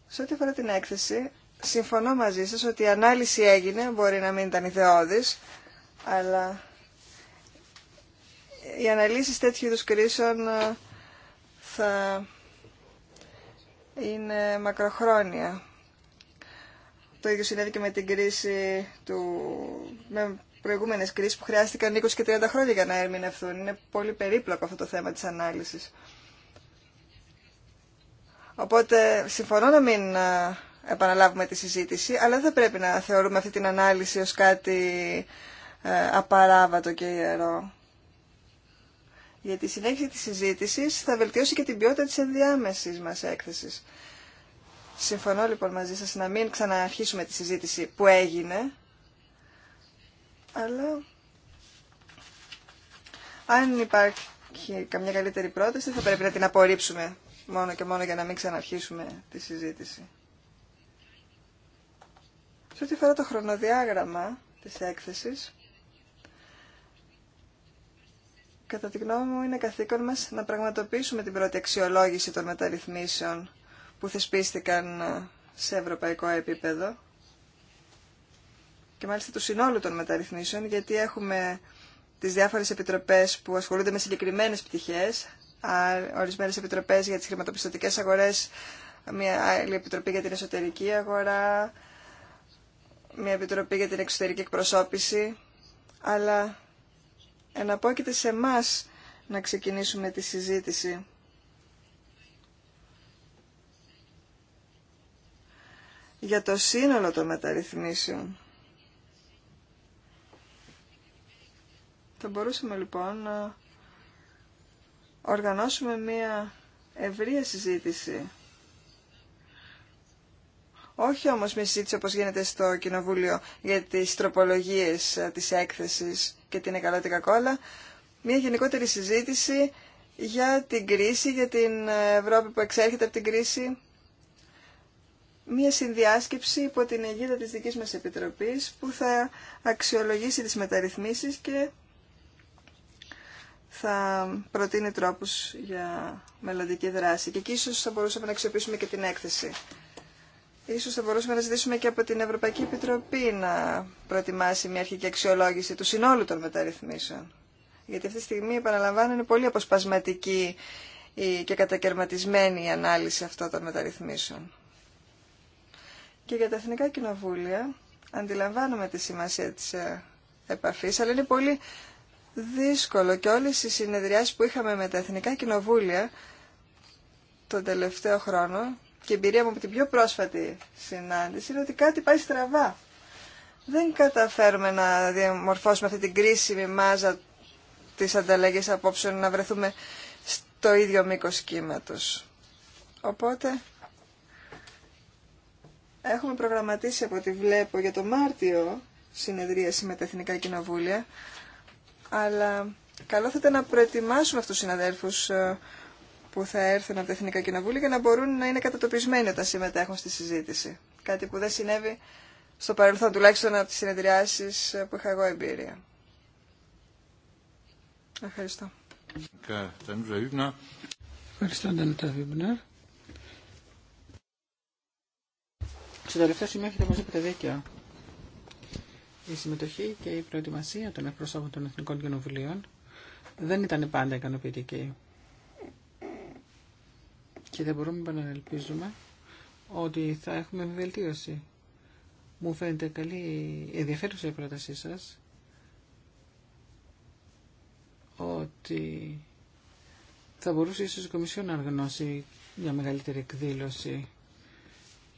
Σε ό,τι αφορά την έκθεση, συμφωνώ μαζί σας ότι η ανάλυση έγινε, μπορεί να μην ήταν ιδεώδης, αλλά οι αναλύσεις τέτοιου είδους κρίσεων ε, θα είναι μακροχρόνια. Το ίδιο συνέβη και με την κρίση του... με προηγούμενες κρίσεις που χρειάστηκαν 20 και 30 χρόνια για να ερμηνευθούν. Είναι πολύ περίπλοκο αυτό το θέμα της ανάλυσης. Οπότε συμφωνώ να μην ε, επαναλάβουμε τη συζήτηση, αλλά δεν θα πρέπει να θεωρούμε αυτή την ανάλυση ως κάτι ε, απαράβατο και ιερό για τη συνέχιση της συζήτησης θα βελτιώσει και την ποιότητα της ενδιάμεσης μας έκθεσης. Συμφωνώ λοιπόν μαζί σας να μην ξαναρχίσουμε τη συζήτηση που έγινε, αλλά αν υπάρχει καμιά καλύτερη πρόταση θα πρέπει να την απορρίψουμε μόνο και μόνο για να μην ξαναρχίσουμε τη συζήτηση. Σε ό,τι φορά το χρονοδιάγραμμα της έκθεσης, Κατά τη γνώμη μου είναι καθήκον μας να πραγματοποιήσουμε την πρώτη αξιολόγηση των μεταρρυθμίσεων που θεσπίστηκαν ε, σε ευρωπαϊκό επίπεδο και μάλιστα του συνόλου των μεταρρυθμίσεων γιατί έχουμε τις διάφορες επιτροπές που ασχολούνται με συγκεκριμένες πτυχές ορισμένες επιτροπές για τις χρηματοπιστωτικές αγορές μια άλλη επιτροπή για την εσωτερική αγορά μια επιτροπή για την εξωτερική εκπροσώπηση αλλά εναπόκειται σε εμά να ξεκινήσουμε τη συζήτηση. για το σύνολο των μεταρρυθμίσεων. Θα μπορούσαμε λοιπόν να οργανώσουμε μία ευρεία συζήτηση. Όχι όμως μία συζήτηση όπως γίνεται στο Κοινοβούλιο για τις τροπολογίες ε, της έκθεσης και την εγκαλότητα Κόλλα, μια γενικότερη συζήτηση για την κρίση, για την Ευρώπη που εξέρχεται από την κρίση. Μία συνδιάσκεψη υπό την αιγύδα της δικής μας Επιτροπής που θα αξιολογήσει τις μεταρρυθμίσεις και θα προτείνει τρόπους για μελλοντική δράση. Και εκεί ίσως θα μπορούσαμε να αξιοποιήσουμε και την έκθεση Ίσως θα μπορούσαμε να ζητήσουμε και από την Ευρωπαϊκή Επιτροπή να προετοιμάσει μια αρχική αξιολόγηση του συνόλου των μεταρρυθμίσεων. Γιατί αυτή τη στιγμή, επαναλαμβάνω, είναι πολύ αποσπασματική και κατακαιρματισμένη η ανάλυση αυτών των μεταρρυθμίσεων. Και για τα Εθνικά Κοινοβούλια αντιλαμβάνουμε τη σημασία της ε, επαφής, αλλά είναι πολύ δύσκολο και όλες οι συνεδριάσεις που είχαμε με τα Εθνικά Κοινοβούλια τον τελευταίο χρόνο και εμπειρία μου από την πιο πρόσφατη συνάντηση είναι ότι κάτι πάει στραβά. Δεν καταφέρουμε να διαμορφώσουμε αυτή την κρίσιμη μάζα της ανταλλαγής απόψεων, να βρεθούμε στο ίδιο μήκος κύματος. Οπότε έχουμε προγραμματίσει από ό,τι βλέπω για το Μάρτιο συνεδρίαση με τα Εθνικά Κοινοβούλια, αλλά καλό θα ήταν να προετοιμάσουμε αυτούς τους συναδέλφους ε, που θα έρθουν από τα Εθνικά Κοινοβούλια για να μπορούν να είναι κατατοπισμένοι όταν συμμετέχουν στη συζήτηση. Κάτι που δεν συνέβη στο παρελθόν, τουλάχιστον από τις συνεδριάσεις που είχα εγώ εμπειρία. Ευχαριστώ. Ευχαριστώ, Ντανίτα Βίμπνερ. Στο τελευταίο σημείο έχετε μαζί πείτε τα δίκαια. Η συμμετοχή και η προετοιμασία των εκπροσώπων των Εθνικών Κοινοβουλίων δεν ήταν πάντα ικανοποιητική και δεν μπορούμε να ελπίζουμε ότι θα έχουμε βελτίωση. Μου φαίνεται καλή ενδιαφέρουσα η πρότασή σας ότι θα μπορούσε ίσως η Κομισιόν να οργανώσει μια μεγαλύτερη εκδήλωση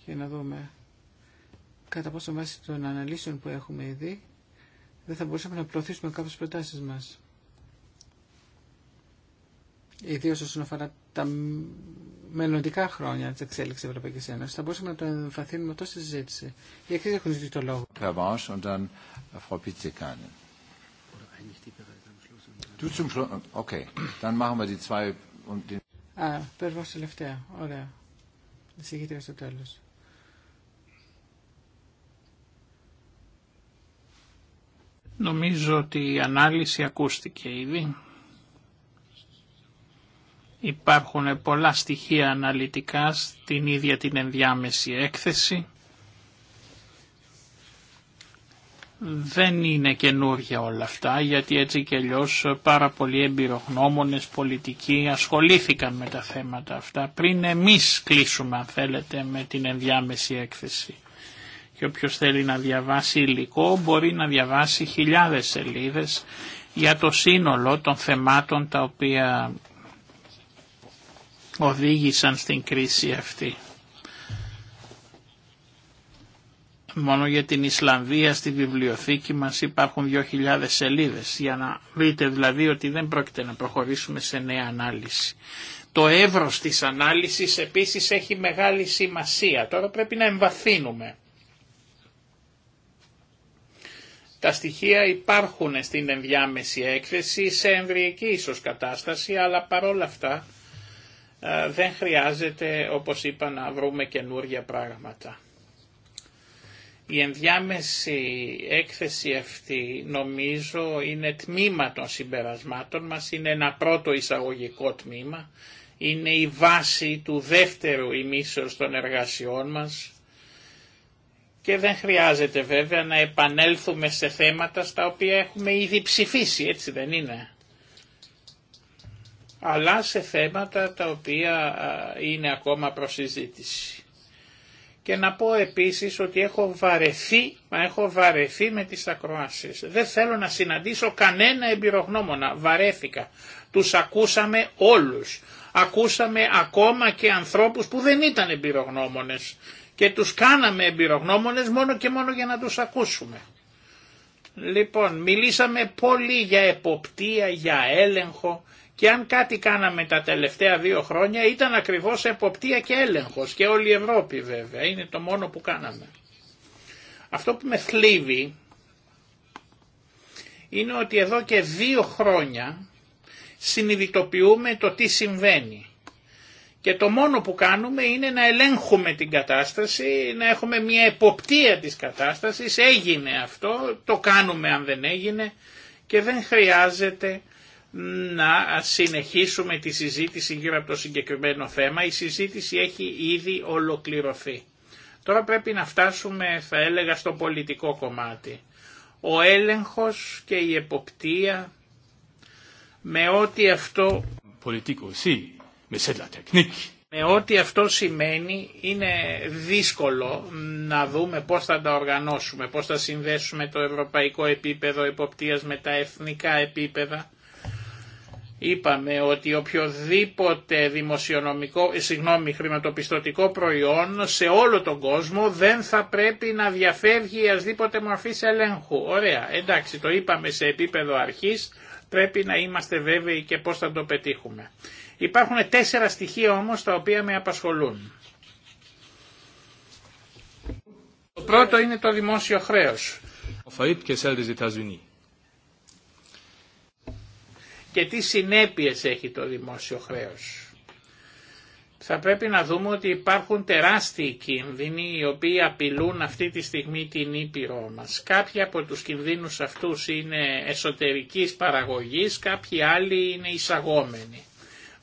για να δούμε κατά πόσο βάση των αναλύσεων που έχουμε ήδη δεν θα μπορούσαμε να προωθήσουμε κάποιες προτάσεις μας. Ιδίως όσον αφορά τα μελλοντικά χρόνια τη εξέλιξη τη Ευρωπαϊκή Ένωση. Θα μπορούσαμε να το εμφαθύνουμε τόσο στη συζήτηση. Οι εκθέσει έχουν ζητήσει το λόγο. Äh, Α, τελευταία. Ωραία. Εισηγήτρια στο τέλο. Νομίζω ότι η ανάλυση ακούστηκε ήδη. Υπάρχουν πολλά στοιχεία αναλυτικά στην ίδια την ενδιάμεση έκθεση. Δεν είναι καινούργια όλα αυτά γιατί έτσι και αλλιώ πάρα πολλοί εμπειρογνώμονες πολιτικοί ασχολήθηκαν με τα θέματα αυτά πριν εμείς κλείσουμε αν θέλετε με την ενδιάμεση έκθεση. Και όποιος θέλει να διαβάσει υλικό μπορεί να διαβάσει χιλιάδες σελίδες για το σύνολο των θεμάτων τα οποία οδήγησαν στην κρίση αυτή. Μόνο για την Ισλανδία στη βιβλιοθήκη μας υπάρχουν 2.000 σελίδες για να δείτε δηλαδή ότι δεν πρόκειται να προχωρήσουμε σε νέα ανάλυση. Το εύρος της ανάλυσης επίσης έχει μεγάλη σημασία. Τώρα πρέπει να εμβαθύνουμε. Τα στοιχεία υπάρχουν στην ενδιάμεση έκθεση σε εμβριακή ίσως κατάσταση, αλλά παρόλα αυτά ε, δεν χρειάζεται, όπως είπα, να βρούμε καινούργια πράγματα. Η ενδιάμεση έκθεση αυτή νομίζω είναι τμήμα των συμπερασμάτων μας, είναι ένα πρώτο εισαγωγικό τμήμα, είναι η βάση του δεύτερου ημίσεως των εργασιών μας και δεν χρειάζεται βέβαια να επανέλθουμε σε θέματα στα οποία έχουμε ήδη ψηφίσει, έτσι δεν είναι αλλά σε θέματα τα οποία είναι ακόμα προσυζήτηση. Και να πω επίσης ότι έχω βαρεθεί, μα έχω βαρεθεί με τις ακροάσεις. Δεν θέλω να συναντήσω κανένα εμπειρογνώμονα, βαρέθηκα. Τους ακούσαμε όλους. Ακούσαμε ακόμα και ανθρώπους που δεν ήταν εμπειρογνώμονες και τους κάναμε εμπειρογνώμονες μόνο και μόνο για να τους ακούσουμε. Λοιπόν, μιλήσαμε πολύ για εποπτεία, για έλεγχο και αν κάτι κάναμε τα τελευταία δύο χρόνια ήταν ακριβώς εποπτεία και έλεγχος και όλη η Ευρώπη βέβαια, είναι το μόνο που κάναμε. Αυτό που με θλίβει είναι ότι εδώ και δύο χρόνια συνειδητοποιούμε το τι συμβαίνει. Και το μόνο που κάνουμε είναι να ελέγχουμε την κατάσταση, να έχουμε μια εποπτεία της κατάστασης. Έγινε αυτό, το κάνουμε αν δεν έγινε και δεν χρειάζεται να συνεχίσουμε τη συζήτηση γύρω από το συγκεκριμένο θέμα. Η συζήτηση έχει ήδη ολοκληρωθεί. Τώρα πρέπει να φτάσουμε, θα έλεγα, στο πολιτικό κομμάτι. Ο έλεγχος και η εποπτεία με ό,τι αυτό... Πολιτικό, με ό,τι αυτό σημαίνει είναι δύσκολο να δούμε πώς θα τα οργανώσουμε, πώς θα συνδέσουμε το ευρωπαϊκό επίπεδο εποπτείας με τα εθνικά επίπεδα. Είπαμε ότι οποιοδήποτε δημοσιονομικό, ε, συγγνώμη, χρηματοπιστωτικό προϊόν σε όλο τον κόσμο δεν θα πρέπει να διαφεύγει ασδήποτε μορφή ελέγχου. Ωραία, εντάξει, το είπαμε σε επίπεδο αρχής, πρέπει να είμαστε βέβαιοι και πώς θα το πετύχουμε. Υπάρχουν τέσσερα στοιχεία όμως τα οποία με απασχολούν. Το πρώτο είναι το δημόσιο χρέος. Και τι συνέπειες έχει το δημόσιο χρέος. Θα πρέπει να δούμε ότι υπάρχουν τεράστιοι κίνδυνοι οι οποίοι απειλούν αυτή τη στιγμή την Ήπειρό μας. Κάποιοι από τους κινδύνους αυτούς είναι εσωτερικής παραγωγής, κάποιοι άλλοι είναι εισαγόμενοι.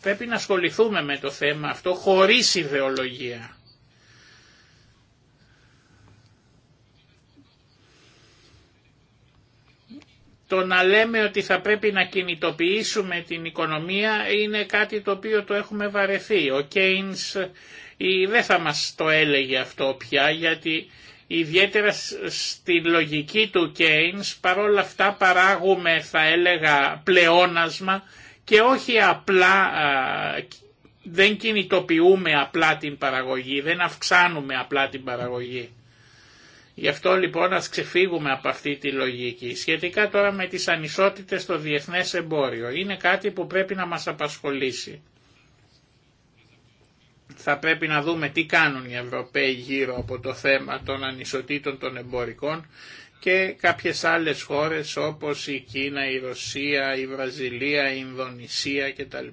Πρέπει να ασχοληθούμε με το θέμα αυτό χωρίς ιδεολογία. Το να λέμε ότι θα πρέπει να κινητοποιήσουμε την οικονομία είναι κάτι το οποίο το έχουμε βαρεθεί. Ο Κέινς δεν θα μας το έλεγε αυτό πια γιατί ιδιαίτερα στη λογική του Κέινς παρόλα αυτά παράγουμε θα έλεγα πλεόνασμα και όχι απλά δεν κινητοποιούμε απλά την παραγωγή, δεν αυξάνουμε απλά την παραγωγή. Γι' αυτό λοιπόν ας ξεφύγουμε από αυτή τη λογική. Σχετικά τώρα με τις ανισότητες στο διεθνές εμπόριο, είναι κάτι που πρέπει να μας απασχολήσει. Θα πρέπει να δούμε τι κάνουν οι Ευρωπαίοι γύρω από το θέμα των ανισοτήτων των εμπορικών και κάποιες άλλες χώρες όπως η Κίνα, η Ρωσία, η Βραζιλία, η Ινδονησία κτλ.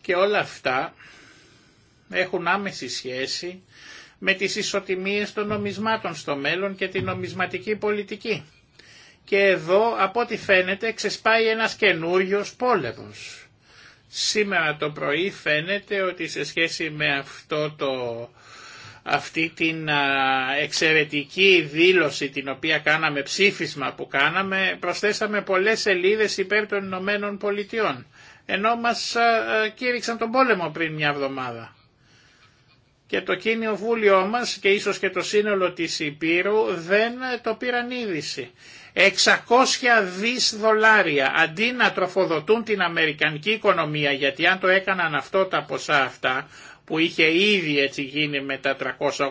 Και όλα αυτά έχουν άμεση σχέση με τις ισοτιμίες των νομισμάτων στο μέλλον και την νομισματική πολιτική. Και εδώ από ό,τι φαίνεται ξεσπάει ένας καινούριο πόλεμος. Σήμερα το πρωί φαίνεται ότι σε σχέση με αυτό το αυτή την εξαιρετική δήλωση την οποία κάναμε, ψήφισμα που κάναμε, προσθέσαμε πολλές σελίδες υπέρ των Ηνωμένων Πολιτειών. Ενώ μας κήρυξαν τον πόλεμο πριν μια εβδομάδα. Και το κίνιο βούλιο μας και ίσως και το σύνολο της Υπήρου δεν το πήραν είδηση. 600 δις δολάρια αντί να τροφοδοτούν την Αμερικανική οικονομία γιατί αν το έκαναν αυτό τα ποσά αυτά που είχε ήδη έτσι γίνει με τα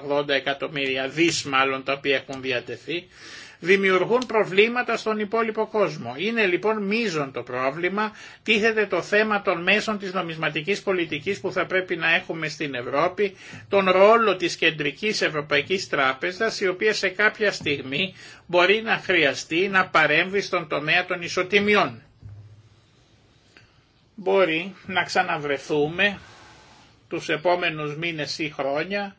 380 εκατομμύρια δις μάλλον τα οποία έχουν διατεθεί, δημιουργούν προβλήματα στον υπόλοιπο κόσμο. Είναι λοιπόν μείζον το πρόβλημα, τίθεται το θέμα των μέσων της νομισματικής πολιτικής που θα πρέπει να έχουμε στην Ευρώπη, τον ρόλο της Κεντρικής Ευρωπαϊκής Τράπεζας, η οποία σε κάποια στιγμή μπορεί να χρειαστεί να παρέμβει στον τομέα των ισοτιμιών. Μπορεί να ξαναβρεθούμε τους επόμενους μήνες ή χρόνια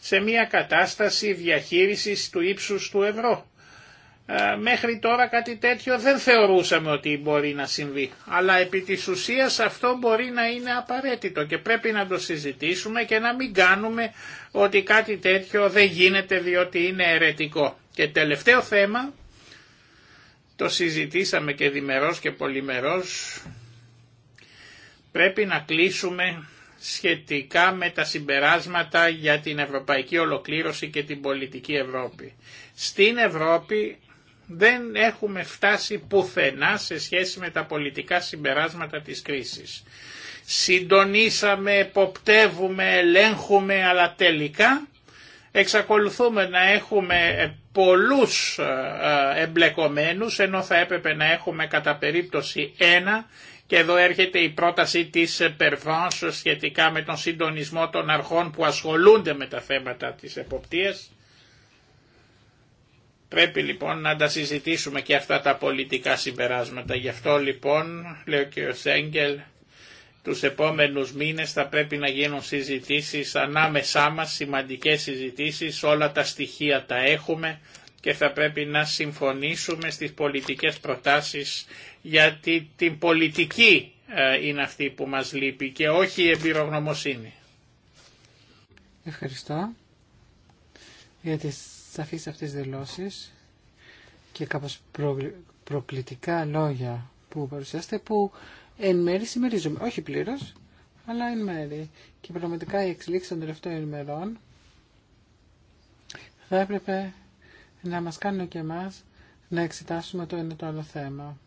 σε μια κατάσταση διαχείρισης του ύψους του ευρώ. Ε, μέχρι τώρα κάτι τέτοιο δεν θεωρούσαμε ότι μπορεί να συμβεί, αλλά επί της ουσίας αυτό μπορεί να είναι απαραίτητο και πρέπει να το συζητήσουμε και να μην κάνουμε ότι κάτι τέτοιο δεν γίνεται διότι είναι αιρετικό. Και τελευταίο θέμα, το συζητήσαμε και διμερός και πολυμερός, πρέπει να κλείσουμε σχετικά με τα συμπεράσματα για την ευρωπαϊκή ολοκλήρωση και την πολιτική Ευρώπη. Στην Ευρώπη δεν έχουμε φτάσει πουθενά σε σχέση με τα πολιτικά συμπεράσματα της κρίσης. Συντονίσαμε, εποπτεύουμε, ελέγχουμε, αλλά τελικά εξακολουθούμε να έχουμε πολλούς ε, ε, εμπλεκομένους, ενώ θα έπρεπε να έχουμε κατά περίπτωση ένα και εδώ έρχεται η πρόταση της Περβάνς σχετικά με τον συντονισμό των αρχών που ασχολούνται με τα θέματα της εποπτείας. Πρέπει λοιπόν να τα συζητήσουμε και αυτά τα πολιτικά συμπεράσματα. Γι' αυτό λοιπόν, λέει και ο Σέγγελ, τους επόμενους μήνες θα πρέπει να γίνουν συζητήσεις ανάμεσά μας, σημαντικές συζητήσεις, όλα τα στοιχεία τα έχουμε και θα πρέπει να συμφωνήσουμε στις πολιτικές προτάσεις γιατί την πολιτική ε, είναι αυτή που μας λείπει και όχι η εμπειρογνωμοσύνη. Ευχαριστώ για τις σαφείς αυτές δηλώσεις και κάπως προκλητικά λόγια που παρουσιάσετε που εν μέρη συμμερίζομαι, όχι πλήρως, αλλά εν μέρη. Και πραγματικά η εξελίξη των τελευταίων ημερών θα έπρεπε να μας κάνουν και εμάς να εξετάσουμε το ένα το άλλο θέμα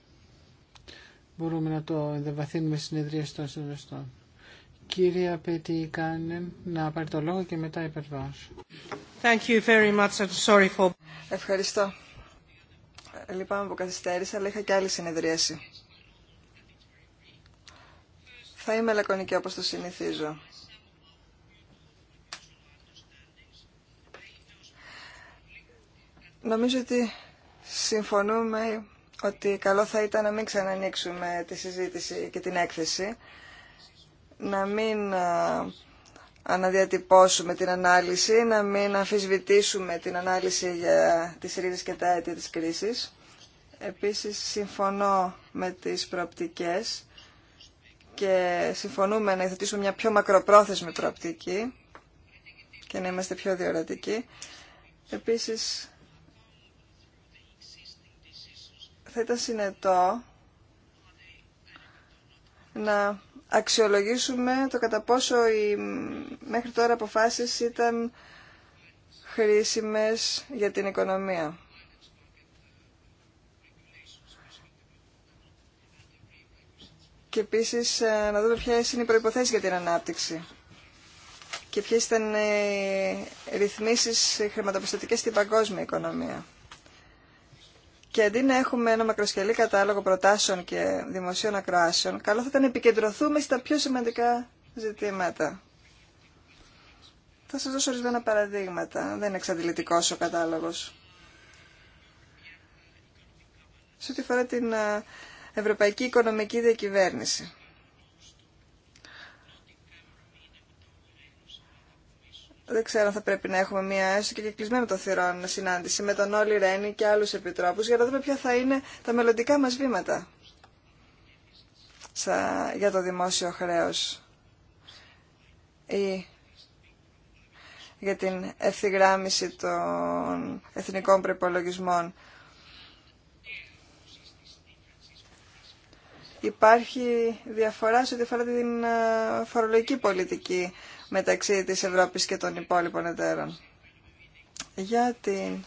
μπορούμε να το ενδεβαθύνουμε συνεδρία των συνεδριστών. Κύριε Απέτη Κάνεν, να πάρει το λόγο και μετά υπερβάσω. Thank you very much. I'm sorry for... Ευχαριστώ. Λυπάμαι που καθυστέρησα, αλλά είχα και άλλη συνεδρίαση. Θα είμαι λακωνική όπως το συνηθίζω. Νομίζω ότι συμφωνούμε ότι καλό θα ήταν να μην ξανανοίξουμε τη συζήτηση και την έκθεση, να μην αναδιατυπώσουμε την ανάλυση, να μην αμφισβητήσουμε την ανάλυση για τις ρίζες και τα αίτια της κρίσης. Επίσης, συμφωνώ με τις προοπτικές και συμφωνούμε να υιοθετήσουμε μια πιο μακροπρόθεσμη προοπτική και να είμαστε πιο διορατικοί. Επίσης, θα ήταν συνετό να αξιολογήσουμε το κατά πόσο οι μέχρι τώρα αποφάσεις ήταν χρήσιμες για την οικονομία. Και επίσης ε, να δούμε ποιες είναι οι προϋποθέσεις για την ανάπτυξη και ποιες ήταν οι ρυθμίσεις χρηματοπιστωτικές στην παγκόσμια οικονομία. Και αντί να έχουμε ένα μακροσκελή κατάλογο προτάσεων και δημοσίων ακροάσεων, καλό θα ήταν να επικεντρωθούμε στα πιο σημαντικά ζητήματα. Θα σας δώσω ορισμένα παραδείγματα. Δεν είναι εξαντλητικός ο κατάλογος. Σε ό,τι αφορά την ε, ευρωπαϊκή οικονομική διακυβέρνηση. δεν ξέρω αν θα πρέπει να έχουμε μια έστω και κλεισμένη το θηρόν συνάντηση με τον Όλη Ρένι και άλλους επιτρόπους για να δούμε ποια θα είναι τα μελλοντικά μας βήματα για το δημόσιο χρέος ή για την ευθυγράμμιση των εθνικών προπολογισμών. Υπάρχει διαφορά σε ό,τι αφορά την ε, φορολογική πολιτική μεταξύ της Ευρώπης και των υπόλοιπων εταίρων. Για την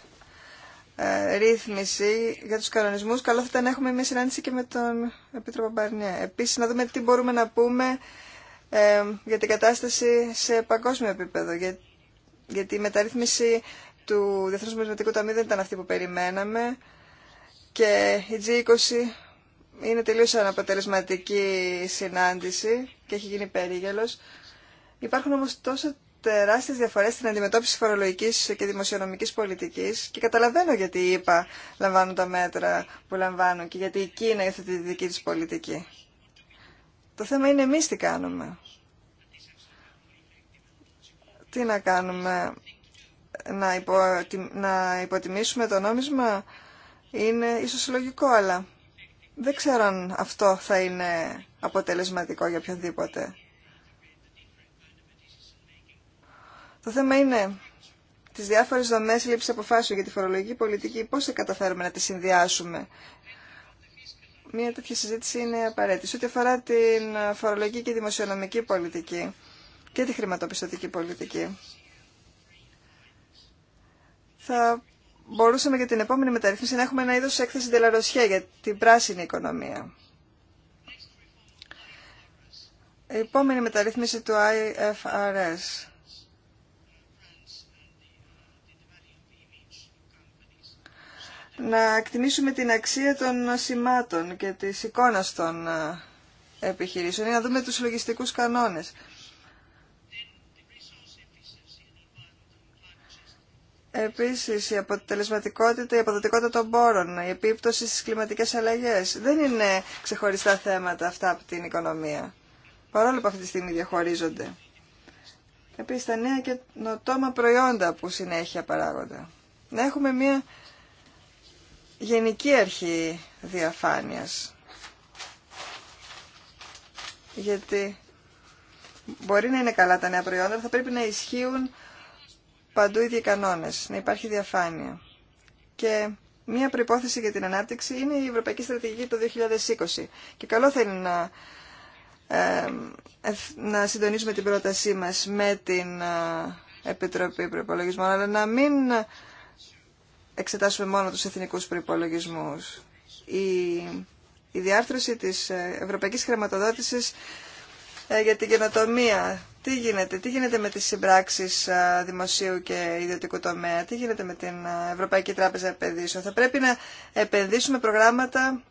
ε, ρύθμιση, για τους κανονισμούς, καλό θα ήταν να έχουμε μια συνάντηση και με τον Επίτροπο Μπαρνιέ. Επίσης, να δούμε τι μπορούμε να πούμε ε, για την κατάσταση σε παγκόσμιο επίπεδο, για, γιατί η μεταρρύθμιση του Διεθνούς Μεσματικού Ταμείου δεν ήταν αυτή που περιμέναμε και η G20 είναι τελείως αναποτελεσματική συνάντηση και έχει γίνει περίγελος. Υπάρχουν όμως τόσο τεράστιες διαφορές στην αντιμετώπιση φορολογική και δημοσιονομική πολιτική και καταλαβαίνω γιατί είπα λαμβάνουν τα μέτρα που λαμβάνουν και γιατί η Κίνα υιοθετεί τη δική τη πολιτική. Το θέμα είναι εμεί τι κάνουμε. Τι να κάνουμε, να, να υποτιμήσουμε το νόμισμα είναι ίσως λογικό, αλλά δεν ξέρω αν αυτό θα είναι αποτελεσματικό για οποιονδήποτε. Το θέμα είναι τις διάφορες δομές λήψης αποφάσεων για τη φορολογική πολιτική, πώς θα καταφέρουμε να τις συνδυάσουμε. Μία τέτοια συζήτηση είναι απαραίτητη. Ό,τι αφορά την φορολογική και δημοσιονομική πολιτική και τη χρηματοπιστωτική πολιτική. Θα μπορούσαμε για την επόμενη μεταρρύθμιση να έχουμε ένα είδος έκθεση τελαροσιά για την πράσινη οικονομία. Η επόμενη μεταρρύθμιση του IFRS. να εκτιμήσουμε την αξία των σημάτων και της εικόνας των ε, επιχειρήσεων ή να δούμε τους λογιστικούς κανόνες. Επίσης, η αποτελεσματικότητα, η αποδοτικότητα των πόρων, η επίπτωση στις κλιματικές αλλαγές. Δεν είναι ξεχωριστά θέματα αυτά από την οικονομία. Παρόλο που αυτή τη στιγμή διαχωρίζονται. Επίσης, τα νέα και νοτόμα προϊόντα που συνέχεια παράγονται. Να έχουμε μια γενική αρχή διαφάνειας. Γιατί μπορεί να είναι καλά τα νέα προϊόντα, αλλά θα πρέπει να ισχύουν παντού οι ίδιοι κανόνες, να υπάρχει διαφάνεια. Και μία προϋπόθεση για την ανάπτυξη είναι η Ευρωπαϊκή Στρατηγική το 2020. Και καλό θα είναι να, να συντονίσουμε την πρότασή μας με την ε, Επιτροπή Προπολογισμών, αλλά να μην εξετάσουμε μόνο τους εθνικούς προϋπολογισμούς. Η, η διάρθρωση της ε, ευρωπαϊκής χρηματοδότησης ε, για την καινοτομία. Τι γίνεται, τι γίνεται με τις συμπράξεις ε, δημοσίου και ιδιωτικού τομέα, τι γίνεται με την Ευρωπαϊκή Τράπεζα Επενδύσεων. Θα πρέπει να επενδύσουμε προγράμματα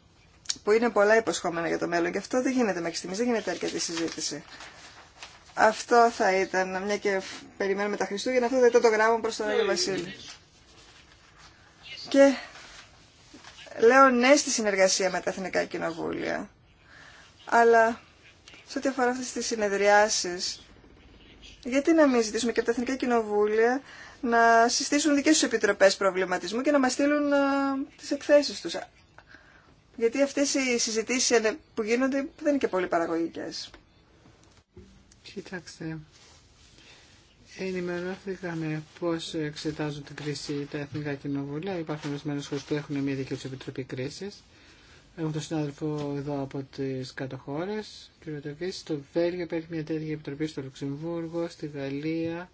που είναι πολλά υποσχόμενα για το μέλλον και αυτό δεν γίνεται μέχρι στιγμής, δεν γίνεται αρκετή συζήτηση. Αυτό θα ήταν, μια και περιμένουμε τα Χριστούγεννα, αυτό θα ήταν το γράμμα προς τον Άγιο Βασίλη και λέω ναι στη συνεργασία με τα Εθνικά Κοινοβούλια. Αλλά σε ό,τι αφορά αυτές τις συνεδριάσεις, γιατί να μην ζητήσουμε και από τα Εθνικά Κοινοβούλια να συστήσουν δικές τους επιτροπές προβληματισμού και να μας στείλουν ε, τις εκθέσεις τους. Γιατί αυτές οι συζητήσεις που γίνονται δεν είναι και πολύ παραγωγικές. Κοιτάξτε, ενημερώθηκαμε πώ εξετάζουν την κρίση τα εθνικά κοινοβούλια. Υπάρχουν ορισμένε χώρε που έχουν μια δική του επιτροπή κρίση. Έχουμε τον συνάδελφο εδώ από τι κάτω χώρε, κ. Στο Βέλγιο υπάρχει μια τέτοια επιτροπή, στο Λουξεμβούργο, στη Γαλλία,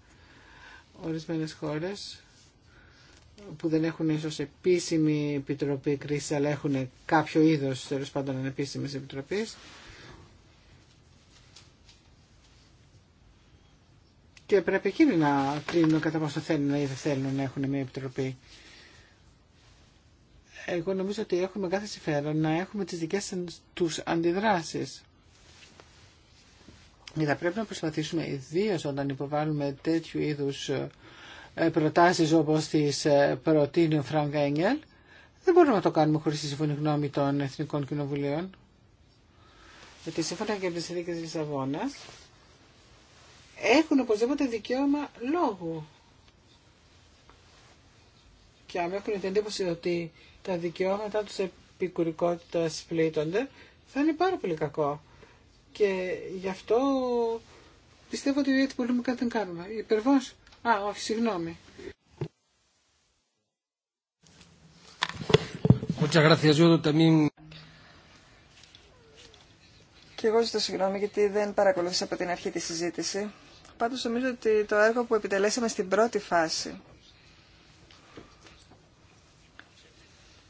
ορισμένε χώρε που δεν έχουν ίσω επίσημη επιτροπή κρίση, αλλά έχουν κάποιο είδο τέλο πάντων ανεπίσημη επιτροπή. και πρέπει εκείνοι να κρίνουν κατά πόσο θέλουν ή δεν θέλουν να έχουν μια επιτροπή. Εγώ νομίζω ότι έχουμε κάθε συμφέρον να έχουμε τις δικές τους αντιδράσεις. θα πρέπει να προσπαθήσουμε ιδίω όταν υποβάλλουμε τέτοιου είδους ε, προτάσεις όπως τις ε, προτείνει ο Φρανκ Έγγελ, δεν μπορούμε να το κάνουμε χωρίς τη συμφωνή γνώμη των Εθνικών Κοινοβουλίων. Γιατί σύμφωνα και με τις Ειδίκες Λισαβόνας, έχουν οπωσδήποτε δικαίωμα λόγου. Και αν έχουν την εντύπωση ότι τα δικαιώματα τους επικουρικότητας πλήττονται, θα είναι πάρα πολύ κακό. Και γι' αυτό πιστεύω ότι γιατί πολύ μου κάτι δεν κάνουμε. Υπερβώς. Α, όχι, συγγνώμη. Και εγώ ζητώ συγγνώμη γιατί δεν παρακολούθησα από την αρχή τη συζήτηση. Πάντως νομίζω ότι το έργο που επιτελέσαμε στην πρώτη φάση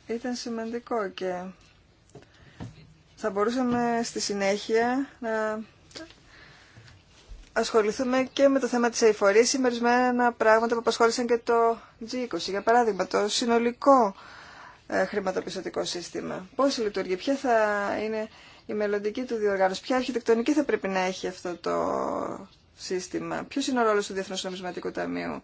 ήταν σημαντικό και θα μπορούσαμε στη συνέχεια να ασχοληθούμε και με το θέμα της αηφορίας ή μερισμένα πράγματα που απασχόλησαν και το G20. Για παράδειγμα, το συνολικό ε, χρηματοπιστωτικό σύστημα. Πώς λειτουργεί, ποια θα είναι η μελλοντική του διοργάνωση, ποια αρχιτεκτονική θα πρέπει να έχει αυτό το σύστημα. Ποιος είναι ο ρόλο του Διεθνούς Νομισματικού Ταμείου.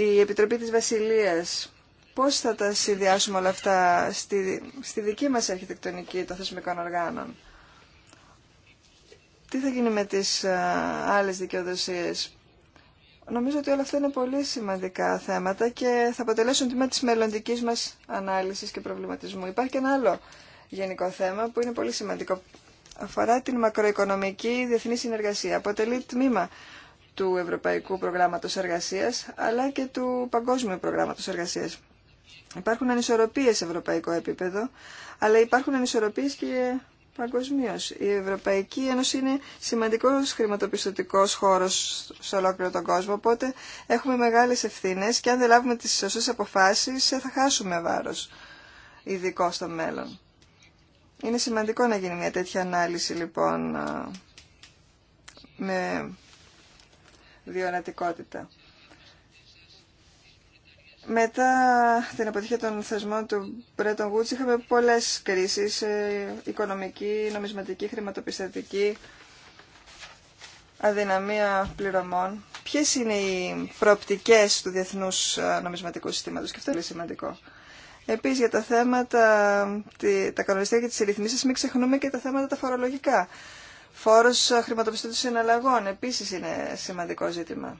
Η Επιτροπή της Βασιλείας. Πώς θα τα συνδυάσουμε όλα αυτά στη, στη δική μας αρχιτεκτονική των θεσμικών οργάνων. Τι θα γίνει με τις άλλες δικαιοδοσίες. Νομίζω ότι όλα αυτά είναι πολύ σημαντικά θέματα και θα αποτελέσουν τμήμα της μελλοντική μας ανάλυσης και προβληματισμού. Υπάρχει και ένα άλλο γενικό θέμα που είναι πολύ σημαντικό αφορά την μακροοικονομική διεθνή συνεργασία. Αποτελεί τμήμα του Ευρωπαϊκού Προγράμματος Εργασίας, αλλά και του Παγκόσμιου Προγράμματος Εργασίας. Υπάρχουν ανισορροπίες σε ευρωπαϊκό επίπεδο, αλλά υπάρχουν ανισορροπίες και παγκοσμίω. Η Ευρωπαϊκή Ένωση είναι σημαντικός χρηματοπιστωτικός χώρος σε ολόκληρο τον κόσμο, οπότε έχουμε μεγάλες ευθύνες και αν δεν λάβουμε τις σωστές αποφάσεις θα χάσουμε βάρος, ειδικό στο μέλλον. Είναι σημαντικό να γίνει μια τέτοια ανάλυση λοιπόν με διορατικότητα. Μετά την αποτυχία των θεσμών του Bretton Woods είχαμε πολλές κρίσεις, ε, οικονομική, νομισματική, χρηματοπιστωτική, αδυναμία πληρωμών. Ποιες είναι οι προοπτικές του Διεθνούς ε, Νομισματικού Συστήματος και αυτό είναι σημαντικό. Επίσης για τα θέματα, τα κανονιστικά και τις ρυθμίσεις, μην ξεχνούμε και τα θέματα τα φορολογικά. Φόρος χρηματοπιστωτικών συναλλαγών επίσης είναι σημαντικό ζήτημα.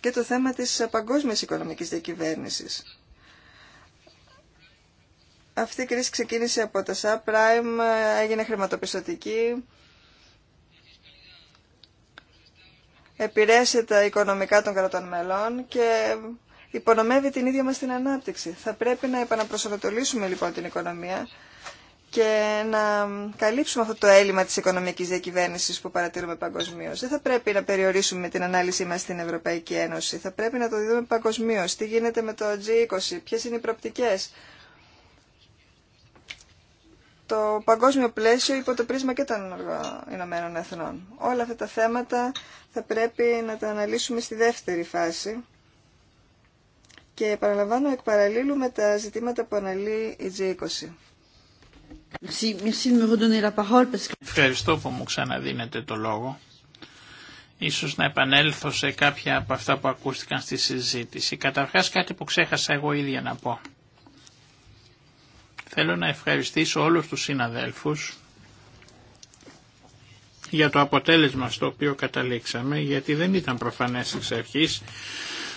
Και το θέμα της παγκόσμιας οικονομικής διακυβέρνησης. Αυτή η κρίση ξεκίνησε από τα subprime, έγινε χρηματοπιστωτική, επηρέασε τα οικονομικά των κρατών μελών και υπονομεύει την ίδια μας την ανάπτυξη. Θα πρέπει να επαναπροσανατολίσουμε λοιπόν την οικονομία και να καλύψουμε αυτό το έλλειμμα της οικονομικής διακυβέρνησης που παρατηρούμε παγκοσμίω. Δεν θα πρέπει να περιορίσουμε την ανάλυση μας στην Ευρωπαϊκή Ένωση. Θα πρέπει να το δούμε παγκοσμίω. Τι γίνεται με το G20, ποιες είναι οι προπτικές. Το παγκόσμιο πλαίσιο υπό το πρίσμα και των Ηνωμένων Εθνών. Όλα αυτά τα θέματα θα πρέπει να τα αναλύσουμε στη δεύτερη φάση και επαναλαμβάνω εκ παραλλήλου με τα ζητήματα που αναλύει η G20. Ευχαριστώ που μου ξαναδίνετε το λόγο. Ίσως να επανέλθω σε κάποια από αυτά που ακούστηκαν στη συζήτηση. Καταρχάς κάτι που ξέχασα εγώ ίδια να πω. Θέλω να ευχαριστήσω όλους τους συναδέλφους για το αποτέλεσμα στο οποίο καταλήξαμε, γιατί δεν ήταν προφανές εξ αρχής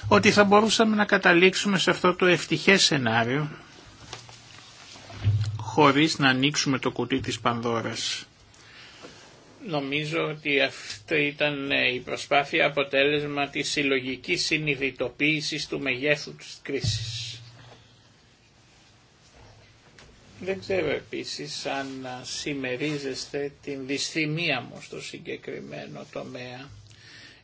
ότι θα μπορούσαμε να καταλήξουμε σε αυτό το ευτυχές σενάριο χωρίς να ανοίξουμε το κουτί της Πανδώρας. Νομίζω ότι αυτή ήταν ε, η προσπάθεια αποτέλεσμα της συλλογική συνειδητοποίησης του μεγέθου της κρίσης. Δεν ξέρω επίσης αν ε, συμμερίζεστε την δυσθυμία μου στο συγκεκριμένο τομέα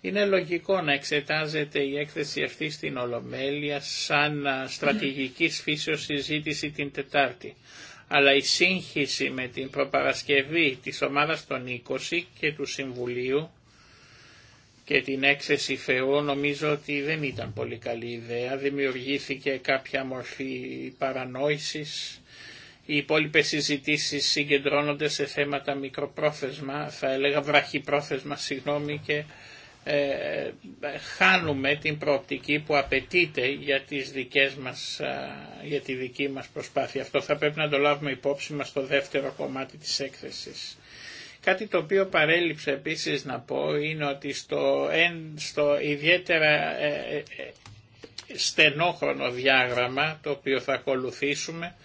είναι λογικό να εξετάζεται η έκθεση αυτή στην Ολομέλεια σαν στρατηγικής φύσεως συζήτηση την Τετάρτη. Αλλά η σύγχυση με την προπαρασκευή της ομάδας των 20 και του Συμβουλίου και την έκθεση ΦΕΟ νομίζω ότι δεν ήταν πολύ καλή ιδέα. Δημιουργήθηκε κάποια μορφή παρανόησης. Οι υπόλοιπε συζητήσει συγκεντρώνονται σε θέματα μικροπρόθεσμα, θα έλεγα βραχυπρόθεσμα, συγγνώμη, και ε, χάνουμε την προοπτική που απαιτείται για, τις δικές μας, για τη δική μας προσπάθεια. Αυτό θα πρέπει να το λάβουμε υπόψη μας στο δεύτερο κομμάτι της έκθεσης. Κάτι το οποίο παρέλειψε επίσης να πω είναι ότι στο, στο ιδιαίτερα ε, ε, στενόχρονο διάγραμμα το οποίο θα ακολουθήσουμε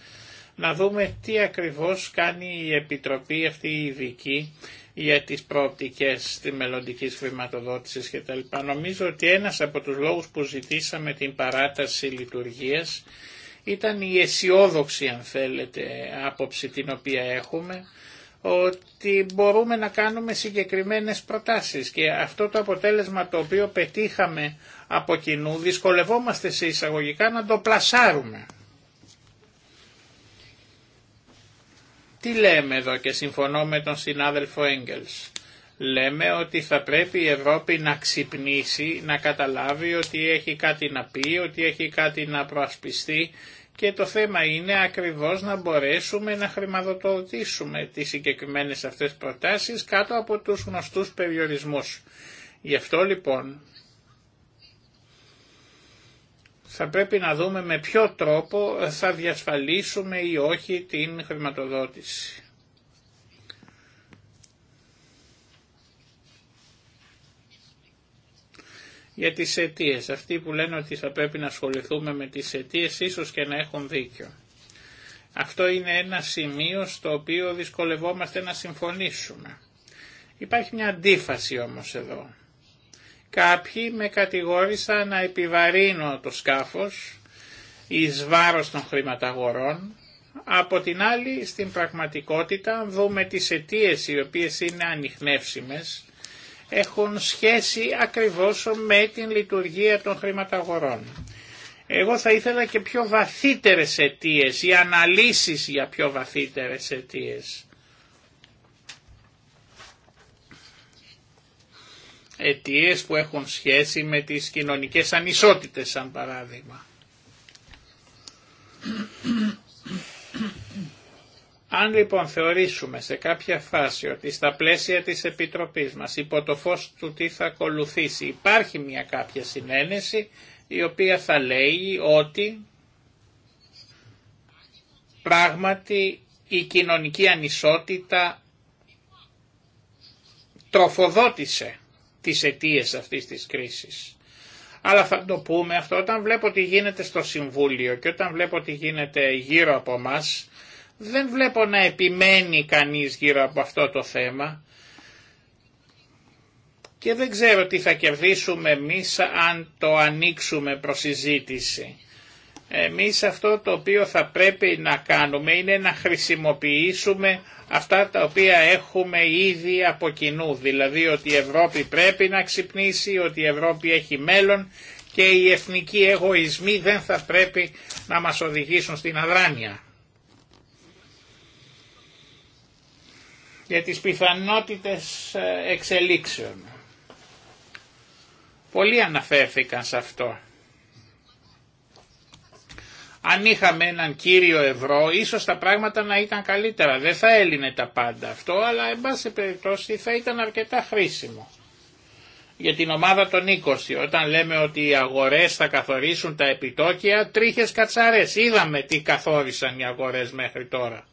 να δούμε τι ακριβώς κάνει η Επιτροπή αυτή η ειδική για τις προοπτικές τη μελλοντική χρηματοδότησης κτλ. Νομίζω ότι ένας από τους λόγους που ζητήσαμε την παράταση λειτουργίας ήταν η αισιόδοξη αν θέλετε άποψη την οποία έχουμε ότι μπορούμε να κάνουμε συγκεκριμένες προτάσεις και αυτό το αποτέλεσμα το οποίο πετύχαμε από κοινού δυσκολευόμαστε σε εισαγωγικά να το πλασάρουμε. Τι λέμε εδώ και συμφωνώ με τον συνάδελφο Έγγελς. Λέμε ότι θα πρέπει η Ευρώπη να ξυπνήσει, να καταλάβει ότι έχει κάτι να πει, ότι έχει κάτι να προασπιστεί και το θέμα είναι ακριβώς να μπορέσουμε να χρηματοδοτήσουμε τις συγκεκριμένες αυτές προτάσεις κάτω από τους γνωστούς περιορισμούς. Γι' αυτό λοιπόν θα πρέπει να δούμε με ποιο τρόπο θα διασφαλίσουμε ή όχι την χρηματοδότηση. Για τις αιτίε. αυτοί που λένε ότι θα πρέπει να ασχοληθούμε με τις αιτίε ίσως και να έχουν δίκιο. Αυτό είναι ένα σημείο στο οποίο δυσκολευόμαστε να συμφωνήσουμε. Υπάρχει μια αντίφαση όμως εδώ. Κάποιοι με κατηγόρησαν να επιβαρύνω το σκάφος εις βάρος των χρηματαγορών. Από την άλλη, στην πραγματικότητα, δούμε τις αιτίε οι οποίες είναι ανιχνεύσιμες έχουν σχέση ακριβώς με την λειτουργία των χρηματαγορών. Εγώ θα ήθελα και πιο βαθύτερες αιτίε ή αναλύσεις για πιο βαθύτερες αιτίες. αιτίες που έχουν σχέση με τις κοινωνικές ανισότητες σαν παράδειγμα. Αν λοιπόν θεωρήσουμε σε κάποια φάση ότι στα πλαίσια της Επιτροπής μας υπό το φως του τι θα ακολουθήσει υπάρχει μια κάποια συνένεση η οποία θα λέει ότι πράγματι η κοινωνική ανισότητα τροφοδότησε τις αιτίες αυτής της κρίσης. Αλλά θα το πούμε αυτό όταν βλέπω τι γίνεται στο Συμβούλιο και όταν βλέπω τι γίνεται γύρω από μας, δεν βλέπω να επιμένει κανείς γύρω από αυτό το θέμα και δεν ξέρω τι θα κερδίσουμε εμείς αν το ανοίξουμε προς συζήτηση. Εμείς αυτό το οποίο θα πρέπει να κάνουμε είναι να χρησιμοποιήσουμε αυτά τα οποία έχουμε ήδη από κοινού, δηλαδή ότι η Ευρώπη πρέπει να ξυπνήσει, ότι η Ευρώπη έχει μέλλον και οι εθνικοί εγωισμοί δεν θα πρέπει να μας οδηγήσουν στην αδράνεια. Για τις πιθανότητες ε, εξελίξεων. Πολλοί αναφέρθηκαν σε αυτό. Αν είχαμε έναν κύριο ευρώ, ίσως τα πράγματα να ήταν καλύτερα. Δεν θα έλυνε τα πάντα αυτό, αλλά εν πάση περιπτώσει θα ήταν αρκετά χρήσιμο. Για την ομάδα των 20, όταν λέμε ότι οι αγορές θα καθορίσουν τα επιτόκια, τρίχες κατσαρές. Είδαμε τι καθόρισαν οι αγορές μέχρι τώρα.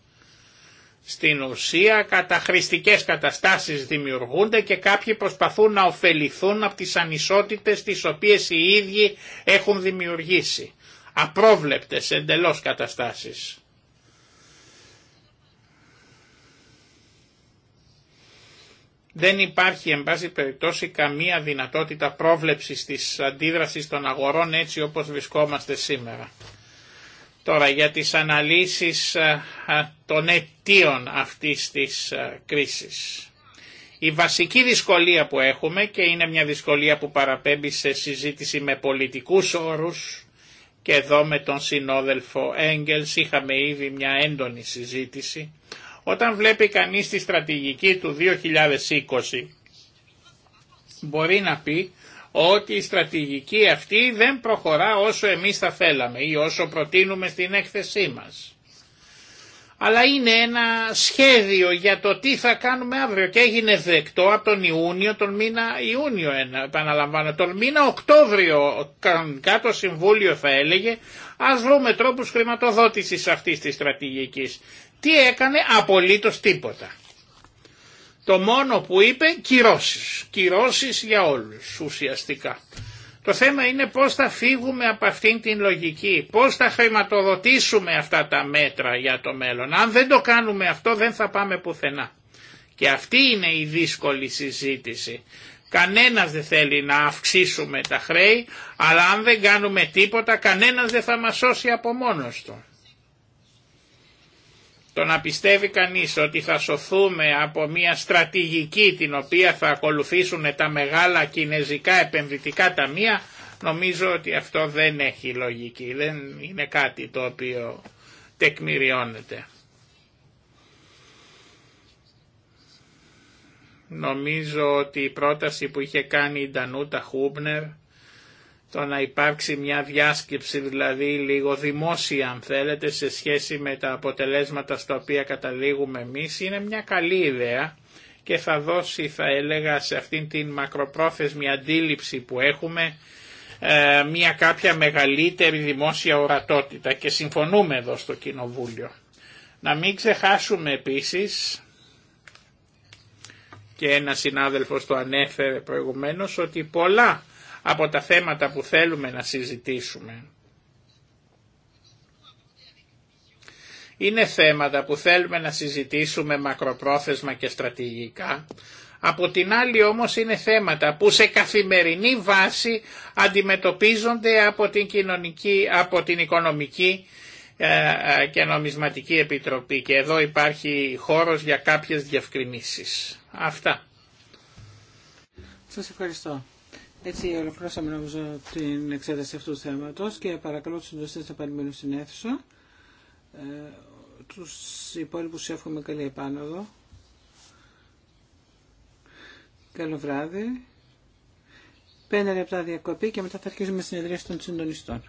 Στην ουσία καταχρηστικές καταστάσεις δημιουργούνται και κάποιοι προσπαθούν να ωφεληθούν από τις ανισότητες τις οποίες οι ίδιοι έχουν δημιουργήσει απρόβλεπτες εντελώς καταστάσεις. Δεν υπάρχει εν πάση περιπτώσει καμία δυνατότητα πρόβλεψης της αντίδρασης των αγορών έτσι όπως βρισκόμαστε σήμερα. Τώρα για τις αναλύσεις ε, ε, των αιτίων αυτής της ε, κρίσης. Η βασική δυσκολία που έχουμε και είναι μια δυσκολία που παραπέμπει σε συζήτηση με πολιτικούς όρους και εδώ με τον συνόδελφο Έγγελς είχαμε ήδη μια έντονη συζήτηση. Όταν βλέπει κανείς τη στρατηγική του 2020 μπορεί να πει ότι η στρατηγική αυτή δεν προχωρά όσο εμείς θα θέλαμε ή όσο προτείνουμε στην έκθεσή μας αλλά είναι ένα σχέδιο για το τι θα κάνουμε αύριο και έγινε δεκτό από τον Ιούνιο, τον μήνα Ιούνιο επαναλαμβάνω, τον μήνα Οκτώβριο κανονικά το Συμβούλιο θα έλεγε ας βρούμε τρόπους χρηματοδότησης αυτής της στρατηγικής. Τι έκανε, απολύτως τίποτα. Το μόνο που είπε κυρώσεις, κυρώσεις για όλους ουσιαστικά. Το θέμα είναι πώς θα φύγουμε από αυτήν την λογική, πώς θα χρηματοδοτήσουμε αυτά τα μέτρα για το μέλλον. Αν δεν το κάνουμε αυτό δεν θα πάμε πουθενά. Και αυτή είναι η δύσκολη συζήτηση. Κανένας δεν θέλει να αυξήσουμε τα χρέη, αλλά αν δεν κάνουμε τίποτα κανένας δεν θα μας σώσει από μόνος του. Το να πιστεύει κανείς ότι θα σωθούμε από μια στρατηγική την οποία θα ακολουθήσουν τα μεγάλα κινέζικα επενδυτικά ταμεία νομίζω ότι αυτό δεν έχει λογική, δεν είναι κάτι το οποίο τεκμηριώνεται. Νομίζω ότι η πρόταση που είχε κάνει η Ντανούτα Χούμπνερ το να υπάρξει μια διάσκεψη δηλαδή λίγο δημόσια αν θέλετε σε σχέση με τα αποτελέσματα στα οποία καταλήγουμε εμείς είναι μια καλή ιδέα και θα δώσει θα έλεγα σε αυτήν την μακροπρόθεσμη αντίληψη που έχουμε ε, μια κάποια μεγαλύτερη δημόσια ορατότητα και συμφωνούμε εδώ στο Κοινοβούλιο. Να μην ξεχάσουμε επίσης και ένα συνάδελφος το ανέφερε προηγουμένως ότι πολλά από τα θέματα που θέλουμε να συζητήσουμε. Είναι θέματα που θέλουμε να συζητήσουμε μακροπρόθεσμα και στρατηγικά, από την άλλη όμως είναι θέματα που σε καθημερινή βάση αντιμετωπίζονται από την, κοινωνική, από την οικονομική ε, ε, και νομισματική επιτροπή και εδώ υπάρχει χώρος για κάποιες διευκρινήσεις. Αυτά. Σας ευχαριστώ. Έτσι ολοκληρώσαμε νομίζω την εξέταση αυτού του θέματος και παρακαλώ τους συντονιστέ να παραμείνουν στην αίθουσα. Ε, τους υπόλοιπους εύχομαι καλή επάνωδο. Καλό βράδυ. Πέντε λεπτά διακοπή και μετά θα αρχίσουμε συνεδρίαση των συντονιστών.